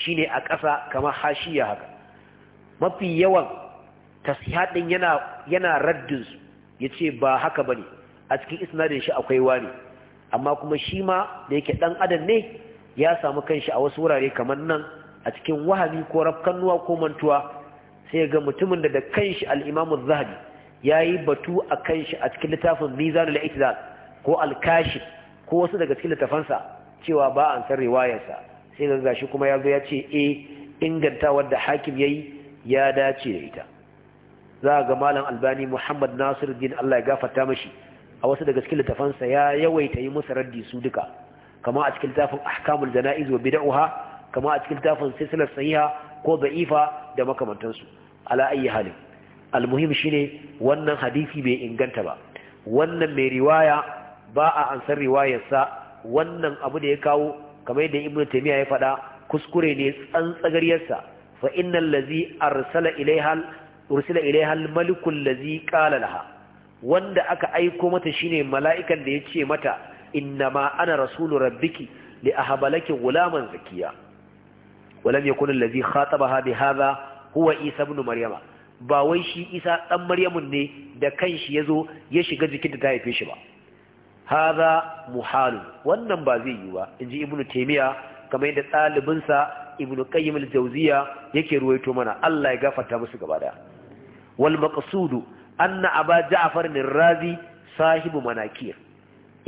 ne a ƙasa kamar hashiya haka mafi yawan tasihat din yana yana raddin su ce ba haka bane a cikin isnadin shi akwai wani amma kuma shi ma da yake ɗan adam ne ya samu kanshi a wasu wurare kamar nan a cikin wahami ko rafkannuwa ko mantuwa sai ga mutumin da da kanshi al zahabi ya yi batu a kanshi a cikin littafin mizanul itizal ko alkashi ko wasu daga cikin littafansa cewa ba an san riwayarsa sai ga gashi kuma ya zo ya ce eh inganta da hakim ya yi ya dace da ita za ga malam albani muhammad Nasiru, nasiruddin Allah ya gafarta mashi a wasu daga cikin littafansa ya yawaita yi musu raddi su duka kama a cikin littafin ahkamul jana'iz wa bid'uha kama a cikin littafin silsilar sahiha ko da'ifa da makamantansu ala ayi halin almuhim shine wannan hadisi bai inganta ba wannan mai riwaya ba a ansar riwayarsa wannan abu da ya kawo kamar yadda ibnu taymiya ya faɗa kuskure ne tsantsagariyarsa fa innal ladzi arsala hal. ursila ilaiha almalikul ladzi qala laha wanda aka aiko mata shine mala'ikan da ya ce mata innama ana rasulu rabbiki li ahabalaki gulaman zakiya walam yakun allazi khatabaha haza huwa isa ibn maryama ba wai shi isa dan maryamun ne da kanshi yazo ya shiga jikin da ta haife shi ba hadha muhal wannan ba zai yi ba inji ibn taymiya kamar yadda ɗalibinsa sa ibn qayyim al-jawziya yake ruwaito mana Allah ya gafarta musu gaba daya wal maqsudu anna aba ja'far ar-razi sahibu manakir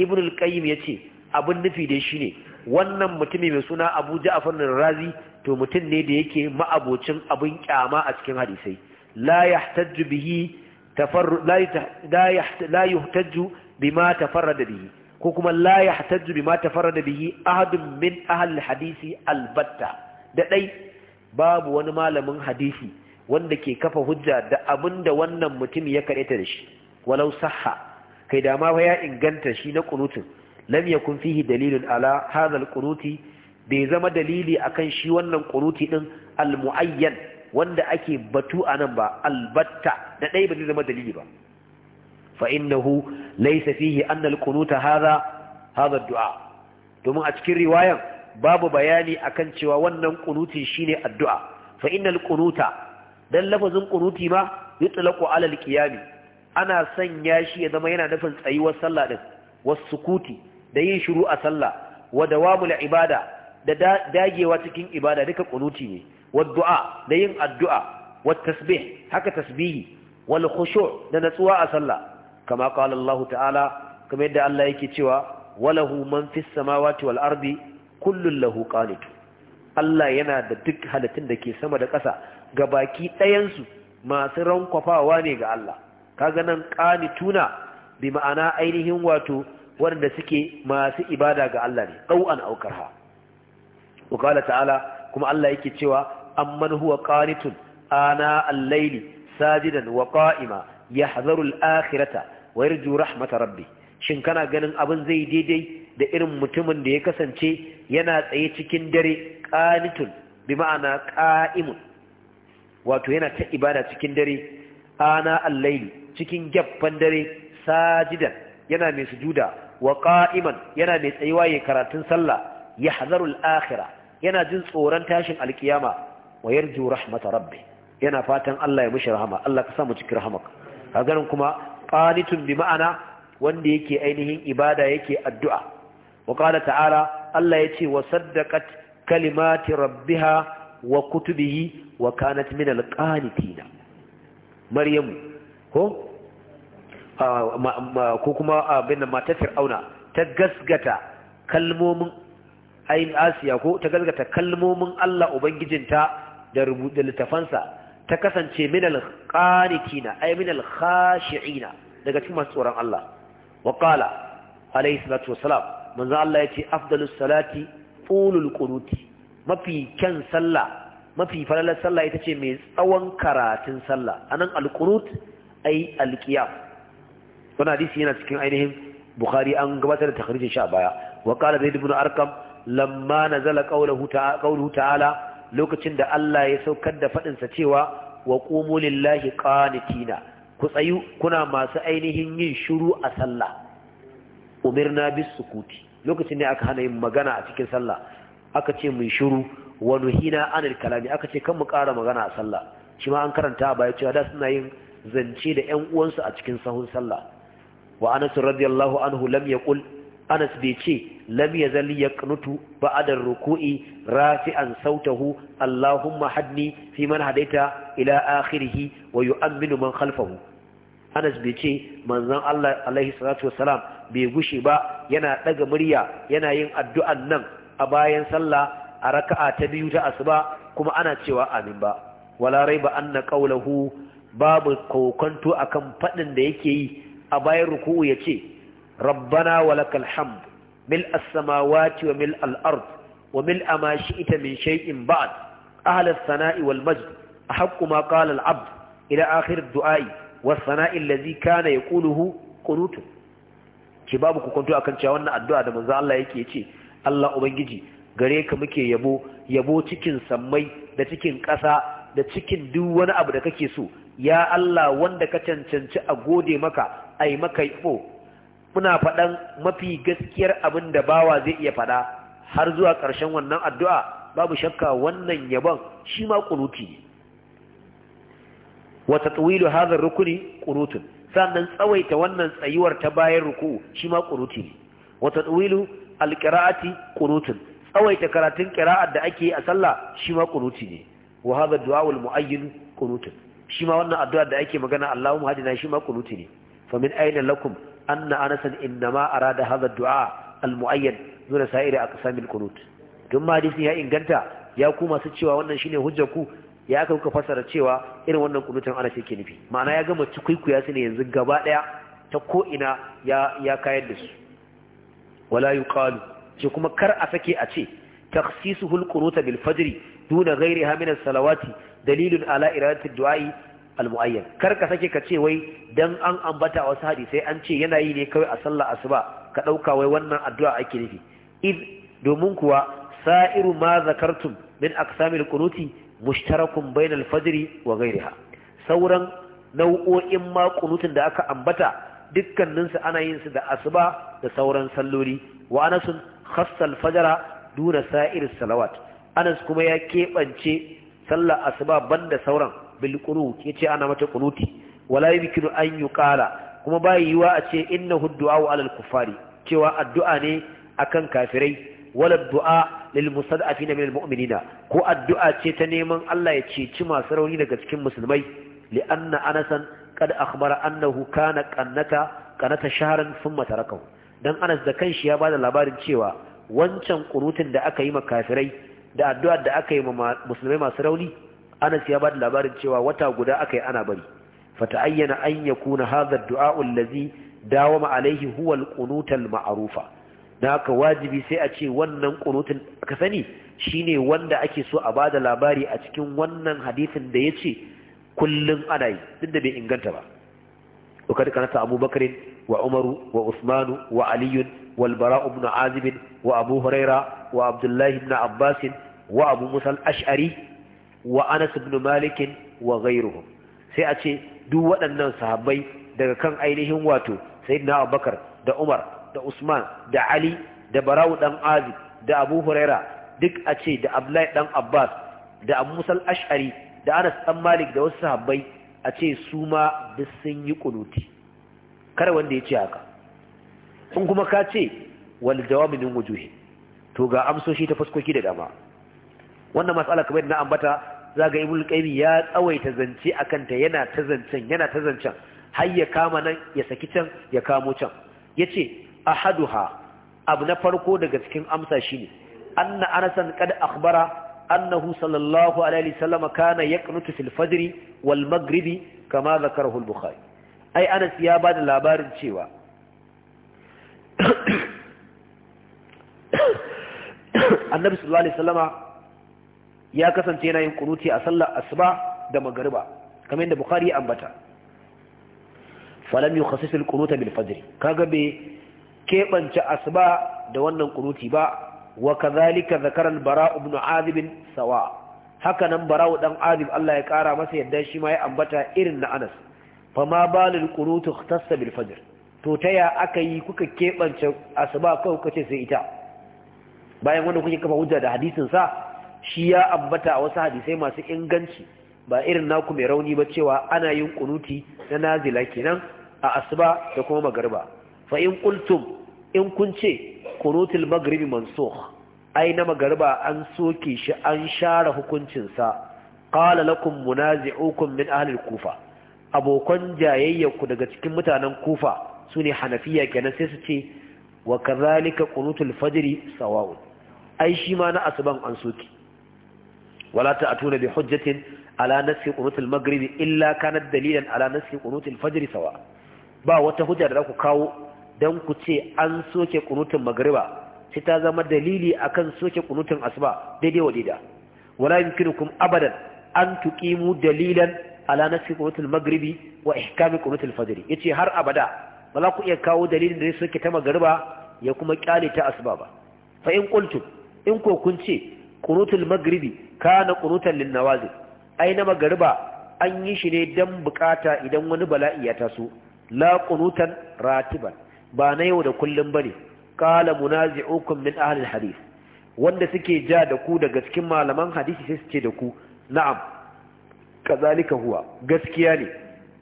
ibn al-qayyim yace abin nufi dai shine wannan mutumi mai suna Abu Ja'far al-Razi to mutum ne da yake ma'abocin abin kyama a cikin hadisai la yahtaju bihi tafarru la la yahtaju bima bihi ko kuma la yahtaju bima tafarrada bihi ahadun min ahli hadisi albatta da dai babu wani malamin hadisi wanda ke kafa hujja da abinda wannan mutum ya kareta da shi walau sahha kai da ma ya inganta shi na kunutun lam yakun fihi dalilun ala hadha alqunuti bai zama dalili akan shi wannan kunuti din almuayyan wanda ake batu anan ba albatta da dai bai zama dalili ba fa innahu laysa fihi anna alqunuta hadha hadha addu'a domin a cikin riwayan babu bayani akan cewa wannan kunuti shine addu'a fa innal qunuta dan lafazin kunuti ma yutlaqu ala alqiyami ana sanya shi ya zama yana nufin tsayuwar sallah din kuti da yin shiru a sallah wa dawamul ibada da dagewa cikin ibada duka kunuti ne wa da yin addu'a wa tasbih haka tasbihi wal khushu' da natsuwa a sallah kama qala Allah ta'ala kama yadda Allah yake cewa walahu man fis samawati wal ardi kullun lahu qanit Allah yana da duk halittun da ke sama da ƙasa ga baki ɗayansu masu rankwafawa ne ga Allah kaga nan qanituna bi ma'ana ainihin wato wanda suke masu ibada ga Allah ne qau'an aukarha. karha wa qala ta'ala kuma Allah yake cewa amman huwa qanitun ana al-layli sajidan wa qa'ima yahzaru al-akhirata wa yarju rahmata rabbi shin kana ganin abin zai daidai da irin mutumin da ya kasance yana tsaye cikin dare qanitun bi ma'ana qa'imun wato yana ta ibada cikin dare ana al-layli cikin gaffan dare sajidan yana mai sujuda wa qa'iman yana mai tsayuwa yayin karatun sallah yahzarul akhirah yana jin tsoron tashin alkiyama wa yarju rahmat rabbi yana fatan Allah ya mishi rahama Allah ka sa mu cikin rahamaka ganin kuma qanitun bi ma'ana wanda yake ainihin ibada yake addu'a wa qala ta'ala Allah ya ce wa saddaqat kalimati rabbiha wa kutubihi wa kanat min alqanitina maryamu ko ko kuma abin da matar fir'auna ta gasgata kalmomin ayin asiya ko ta gasgata kalmomin Allah ubangijinta da rubuta littafansa ta kasance minal qanitina ay minal khashi'ina daga cikin masu tsoron Allah wa qala alayhi salatu wassalam manzo Allah yace afdalus salati qulul quruti, mafi kyan sallah mafi falalar sallah ita ce mai tsawon karatun sallah anan alqunut ai alqiyam wannan hadisi yana cikin ainihin bukhari an gabatar da takhrijin shi a baya wa qala bayd ibn arqam lamma nazala qawluhu ta'ala qawluhu ta'ala lokacin da Allah ya saukar da fadin sa cewa wa qumu lillahi qanitina ku tsayu kuna masu ainihin yin shiru a sallah umirna bis sukuti lokacin ne aka hana yin magana a cikin sallah aka ce mu shiru wa nuhina anil kalami aka ce kan mu ƙara magana a sallah shi ma an karanta a baya cewa da suna yin zance da ƴan uwansu a cikin sahun sallah wa Anas radiyallahu anhu lam yaqul Anas bai ce lam yazal yaqnutu ba'da ruku'i rafi'an sautahu Allahumma hadni fi man hadaita ila akhirih wa yu'minu man khalfahu Anas bai ce manzon Allah alaihi salatu wassalam bai gushe ba yana daga murya yana yin addu'an nan a bayan sallah a raka'a ta biyu ta asuba kuma ana cewa amin ba wala raiba anna qawluhu babu kokonto akan faɗin da yake yi a bayan ruku'u ya ce rabbana walakal hamd mil as-samawati wa mil al-ard wa mil ma shi'ta min shay'in ba'd ahla as-sana'i wal majd ahqqu ma qala al-abd ila akhir duai was sana'i allazi kana yaquluhu qunutu ki babu kokonto akan cewa wannan addu'a da manzo Allah yake yace Allah ubangiji gare ka muke yabo yabo cikin sammai da cikin ƙasa da cikin duk wani abu da kake so ya Allah wanda ka cancanci a gode maka a yi maka ifo? muna faɗan mafi gaskiyar abin da bawa zai iya faɗa har zuwa ƙarshen wannan addu'a babu shakka wannan yabon shi ma ƙunuti ne wata tsawilu hazar rukuni ƙunutun sannan tsawaita wannan tsayuwar ta bayan ruku'u shi ma ƙunuti ne Wata tsawilu, alƙira'ati? ƙunutun tsawaita karatun ƙira'ar da ake a sallah shi ma ƙunuti ne wa hadha mu'ayyin almu'ayyin shi ma wannan addu'a da ake magana allahu hadina shi ma kunuti ne fa min ayna lakum anna anas innama arada hadha ad-du'a al-mu'ayyan da sa'iri a al-qunut dun ma hadisi ya inganta ya kuma su cewa wannan shine hujjar ku ya aka kuka fasara cewa irin wannan kunutan ana yake nufi ma'ana ya gama cikuikuya su ne yanzu gaba ɗaya ta ko ina ya kayan kayar da su wala ƙalu ce kuma kar a sake a ce takhsisuhu su qunut bilfajiri duna ghayriha min salawati Dalilin ala iradatul du'a'i al-mu'ayyan kar ka sake ka ce wai dan an ambata a wasu hadisai an ce yana yi ne kawai a sallah asuba ka dauka wai wannan addu'a ake nufi id domin kuwa sa'iru ma zakartum min aqsamil qunuti mushtarakun bainal fajri wa ghayriha sauran nau'o'in ma da aka ambata dukkaninsu ana yin su da asuba da sauran salloli wa anasun khassal fajara duna sa'ir salawat anas kuma ya keɓance sallar asuba banda sauran bil qunut yace ana mata qunuti wala yumkinu an yuqala kuma ba yiwa a ce innahu du'a ala al kufari cewa addu'a ne akan kafirai wala du'a lil mustad'afina min al mu'minina ko addu'a ce ta neman Allah ya ceci masu rauni daga cikin musulmai li'anna anasan qad akhbara annahu kana qannata qanata shahran thumma tarakahu dan Anas da kanshi ya bada labarin cewa wancan kunutun da aka yi ma kafirai da addu'ar da aka yi musulmai masu rauni ana siya ba da labarin cewa wata guda aka yi ana bari fata ayyana an ya kuna hazar du'a'un lazi dawo alaihi huwal kunutal ma'arufa na ka wajibi sai a ce wannan kunutun ka sani shine wanda ake so a ba da labari a cikin wannan hadisin da ya ce kullum ana yi duk da bai inganta ba وقد wa أبو wa وعمر وعثمان وعلي والبراء بن wa Abu huraira وعبد الله بن عباس وأبو موسى الأشعري malikin بن مالك وغيرهم سيأتي دو ودنن صحابي daga kan ainihin wato sayyidina Abubakar da Umar da Usman da Ali da Barau dan Azib da Abu Huraira duk a ce da Abdullahi dan Abbas da Abu Musa al-Ash'ari da Anas dan Malik da wasu sahabbai a ce su ma duk sun yi kunuti kar wanda ya ce haka in kuma ka ce wal jawabin wujuhi to ga amsoshi ta fuskoki da dama wannan matsala kamar yadda na ambata zaga ibul qayyim ya tsawaita zance akan ta yana ta zancen yana ta zancen har ya kama nan ya saki can ya kamo can yace ahaduha abu na farko daga cikin amsa shine anna anasan qad akhbara annahu sallallahu alaihi wasallam kana yaqnutu fil fajr wal maghribi kama zakarahu al bukhari ai anas ya bada labarin cewa annabi sallallahu alaihi ya kasance yana yin kunuti a sallar asuba da magariba kamar yadda bukhari ya ambata falam yukhassis al-qunuta bil fajr kaga be kebance asuba da wannan kunuti ba wa kadhalika zakara al-bara ibn azib sawa haka nan bara'u dan azib Allah ya kara masa yadda shi ma ya ambata irin na Anas ma balil qunutu ikhtassa bil fajr to taya aka yi kuka kebance asuba kawai kace sai ita bayan wanda kuke kafa hujja da hadisin sa shi ya ambata a wasu hadisai masu inganci ba irin naku mai rauni ba cewa ana yin kunuti na nazila kenan a asuba da kuma magarba fa in qultum in kun ce kunutul maghribi mansukh ai na magarba an soke shi an share hukuncin sa qala lakum munazi'ukum min ahli kufa abokan ku daga cikin mutanen kufa sune hanafiya kenan sai su ce wa kazalika qunutul fajri sawa'un ai shi ma na asuban an soki wala atuna bi hujjatin ala nasfi qunut al-maghrib illa kana dalilan ala nasfi qunut al-fajr sawa ba wata hujja da ku kawo dan ku ce an soke qunutun maghriba sai ta zama dalili akan soke qunutun asuba daidai wa daida wala yumkinukum abadan an tuqimu dalilan ala nasfi qunut al-maghrib wa ihkam qunut al-fajr yace har abada ba za ku iya kawo dalilin da zai soke ta maghriba ya kuma kyale ta asuba ba fa in qultum in ko kun ce qunutul maghribi kana qunutan lin nawazil ai na magariba an yi shi ne dan bukata idan wani bala'i ya taso la qunutan ratiban ba na yau da kullum bane qala munazi'ukum min ahli alhadith wanda suke ja da ku daga cikin malaman hadisi sai suke da ku na'am kazalika huwa gaskiya ne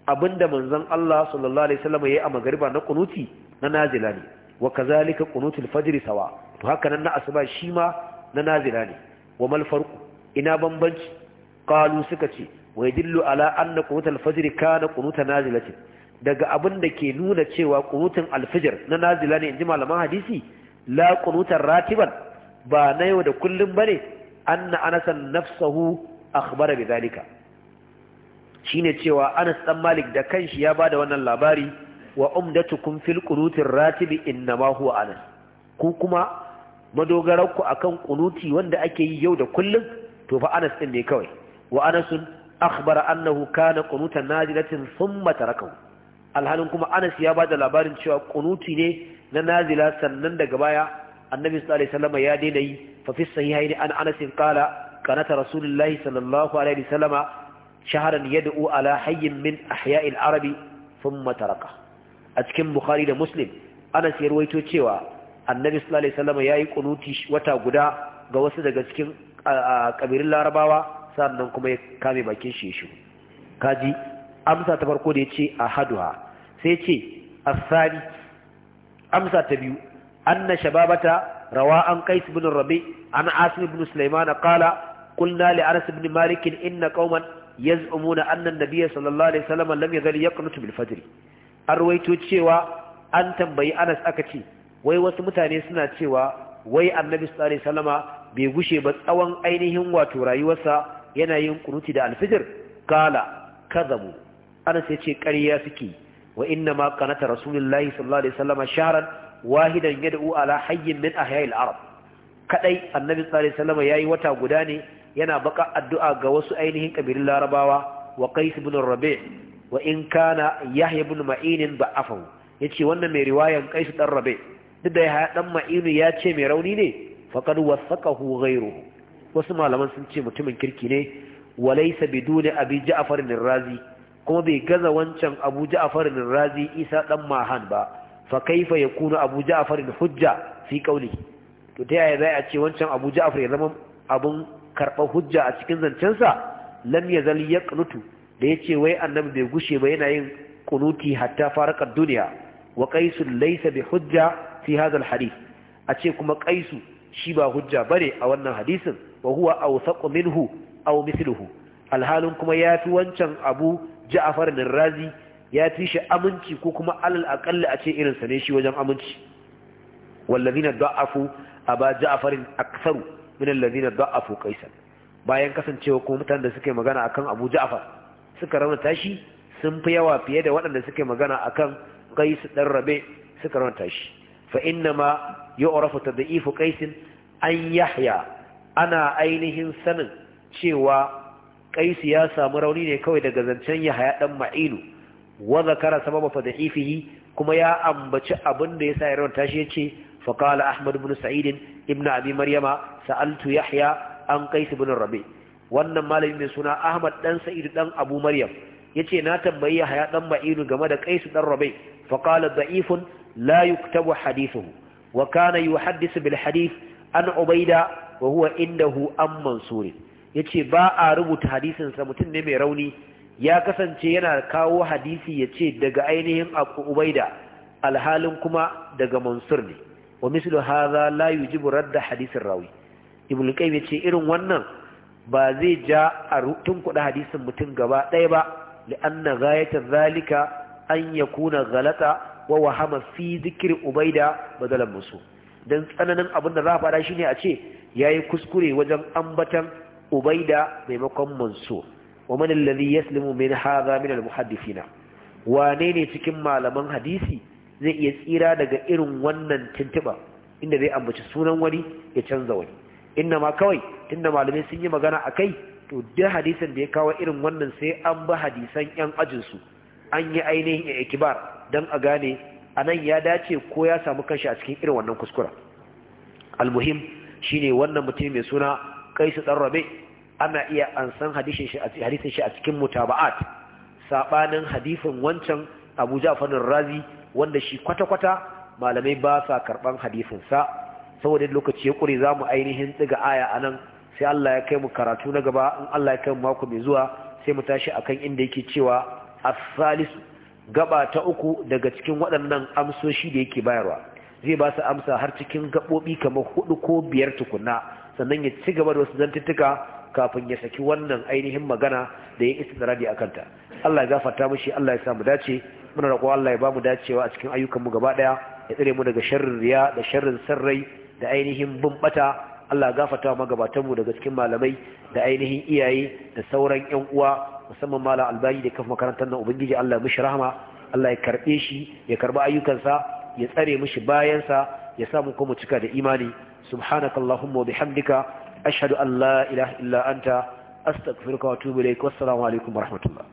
abinda manzon Allah sallallahu alaihi wasallam yayi a magariba na kunuti na nazila ne wa kazalika qunutul fajr sawa to haka nan na asuba shi ma na nazila ne wa malfarku ina bambanci kalu suka ce wa dillu ala anna qunut al-fajr kana qunut nazilatin daga abin da ke nuna cewa qunutun al-fajr na nazila ne inji malaman hadisi la qunutar ratiban ba na yau da kullum bane anna anasan nafsuhu akhbara bidhalika shine cewa Anas dan Malik da kanshi ya bada wannan labari wa umdatukum fil qunutir ratibi innama huwa Anas ku kuma madogaranku akan kunuti wanda ake yi yau da kullum to fa anas din ne kawai wa anasun akhbara annahu kana qunutan nazilatin thumma tarakahu alhalin kuma anas ya bada labarin cewa kunuti ne na nazila sannan daga baya annabi sallallahu alaihi wasallam ya daina yi fa fi sahihain an anas qala Kanata rasulullahi sallallahu alaihi wasallama Shaharan yad'u ala hayyin min ahya'il arabi thumma taraka a cikin bukhari da muslim anas ya ruwaito cewa annabi sallallahu alaihi wasallam yayi kunuti wata guda ga wasu daga cikin kabirin larabawa sannan kuma ya kame bakin shi kaji amsa ta farko da yace ahaduha sai ce asari amsa ta biyu anna shababata rawa an qais ibn rabi an asim ibn sulaiman qala qulna li anas ibn malik inna qauman yaz'umuna anna an-nabiy sallallahu alaihi wasallam lam yazal yaqnutu bil fajr arwayto cewa an tambayi anas aka ce wai wasu mutane suna cewa wai annabi sallallahu alaihi bai gushe ba tsawon ainihin wato rayuwarsa yana yin kunuti da alfijir kala kazabu anas yace ƙarya suke wa inna ma qanata rasulullahi sallallahu alaihi wasallama shahran wahidan yad'u ala hayyin min ahya'il arab kadai annabi sallallahu alaihi yayi wata guda ne yana baka addu'a ga wasu ainihin kabilun larabawa wa qais ibn rabi' wa in kana yahya ibn ma'in ba'afahu yace wannan mai riwayan qais ɗan rabi' duk da ya dan ma'inu ya ce mai rauni ne faqad wasaqahu ghayruhu wasu malaman sun ce mutumin kirki ne walaysa biduni abi ja'far ar-razi kuma bai gaza wancan abu ja'far ar-razi isa ɗan mahan ba fa kaifa yakunu abu ja'far hujja fi qawli to ta yaya zai a ce wancan abu ja'far ya zama abun karɓar hujja a cikin zancensa lam yazal kunutu da yace wai annabi bai gushe ba yana yin kunuti hatta farakar duniya wa qaisul laysa bi hujja fi hadal hadith a ce kuma qaisu shi ba hujja bare a wannan hadisin wa huwa awsaqu minhu aw mithluhu alhalin kuma ya fi wancan abu ja'far bin razi ya fi shi aminci ko kuma alal aqalli a ce irin sa ne shi wajen aminci wallazina da'afu aba ja'far aktharu min allazina da'afu qaisan bayan kasancewa kuma mutan da suke magana akan abu ja'far suka raunata shi sun fi yawa fiye da waɗanda suke magana akan qais dan rabe suka raunata shi fa innama yu'rafu tad'ifu qais an yahya ana ainihin sanin cewa qais ya samu rauni ne kawai daga zancen yahya dan ma'ilu wa zakara sababa tad'ifihi kuma ya ambaci abin da yasa ya raunta shi yace fa qala ahmad ibn sa'id ibn abi maryama sa'altu yahya an kaisu ibn rabi wannan malami mai suna ahmad dan sa'id dan abu maryam yace na tambayi yahya dan ma'ilu game da kaisu dan rabi fakala qala da'ifun لا يكتب حديثه وكان يحدث بالحديث عن عبيدة وهو إنه أم منصور yace ba a rubuta hadisin sa mutum ne mai rauni ya kasance yana kawo hadisi yace daga ainihin Abu Ubaida alhalin kuma daga Mansur ne wa mislu hadha la yujibu radda hadisin rawi Ibn Qayyim yace irin wannan ba zai ja a rutun kuɗa hadisin mutum gaba ɗaya ba li'anna ghayata zalika an ya kuna ghalata wa wahama fi zikir ubaida bazalan musu dan tsananin abin da za a shi ne a ce yayi kuskure wajen ambatan ubaida maimakon mansur wa man ya yaslimu min hadha min almuhaddithina wane ne cikin malaman hadisi zai iya tsira daga irin wannan tintiba inda zai ambaci sunan wani ya canza wani inna ma kawai tunda malamai sun yi magana akai to duk hadisin da ya kawo irin wannan sai an ba hadisan yan ajinsu an yi ainihin ya ikibar don a gane a nan ya dace ko ya samu kashi a cikin irin wannan kuskura almuhim ne wannan mutum mai suna kaisu ɗan rabe ana iya an san shi a cikin mutaba'at sabanin hadifin wancan Abu fannin razi wanda shi kwata-kwata malamai ba sa karɓar hadifinsa. sa saboda lokaci ya za mu ainihin tsiga aya a nan sai Allah ya kai mu karatu na gaba in Allah ya kai mu mako mai zuwa sai mu tashi akan inda yake cewa as-salisu gaba ta uku daga cikin waɗannan amsoshi da yake bayarwa zai ba su amsa har cikin gaɓoɓi kamar hudu ko biyar tukuna sannan ya ci gaba da wasu zantuttuka kafin ya saki wannan ainihin magana da ya isa da a kanta Allah ya gafarta mushi Allah ya sa mu dace muna roƙo Allah ya ba mu dacewa a cikin ayyukanmu gaba ɗaya ya tsare mu daga sharrin riya da sharrin sarrai da ainihin bin Allah gafata magabatanmu daga cikin malamai da ainihin iyaye da sauran ƴan uwa musamman malam albani da kafa makarantar nan ubangiji Allah mishi rahama Allah ya karbe shi ya karba ayyukansa ya tsare mishi bayansa ya samu kuma cika da imani subhanakallahumma wa bihamdika ashhadu an la ilaha illa anta astaghfiruka wa atubu ilaik wassalamu alaikum warahmatullahi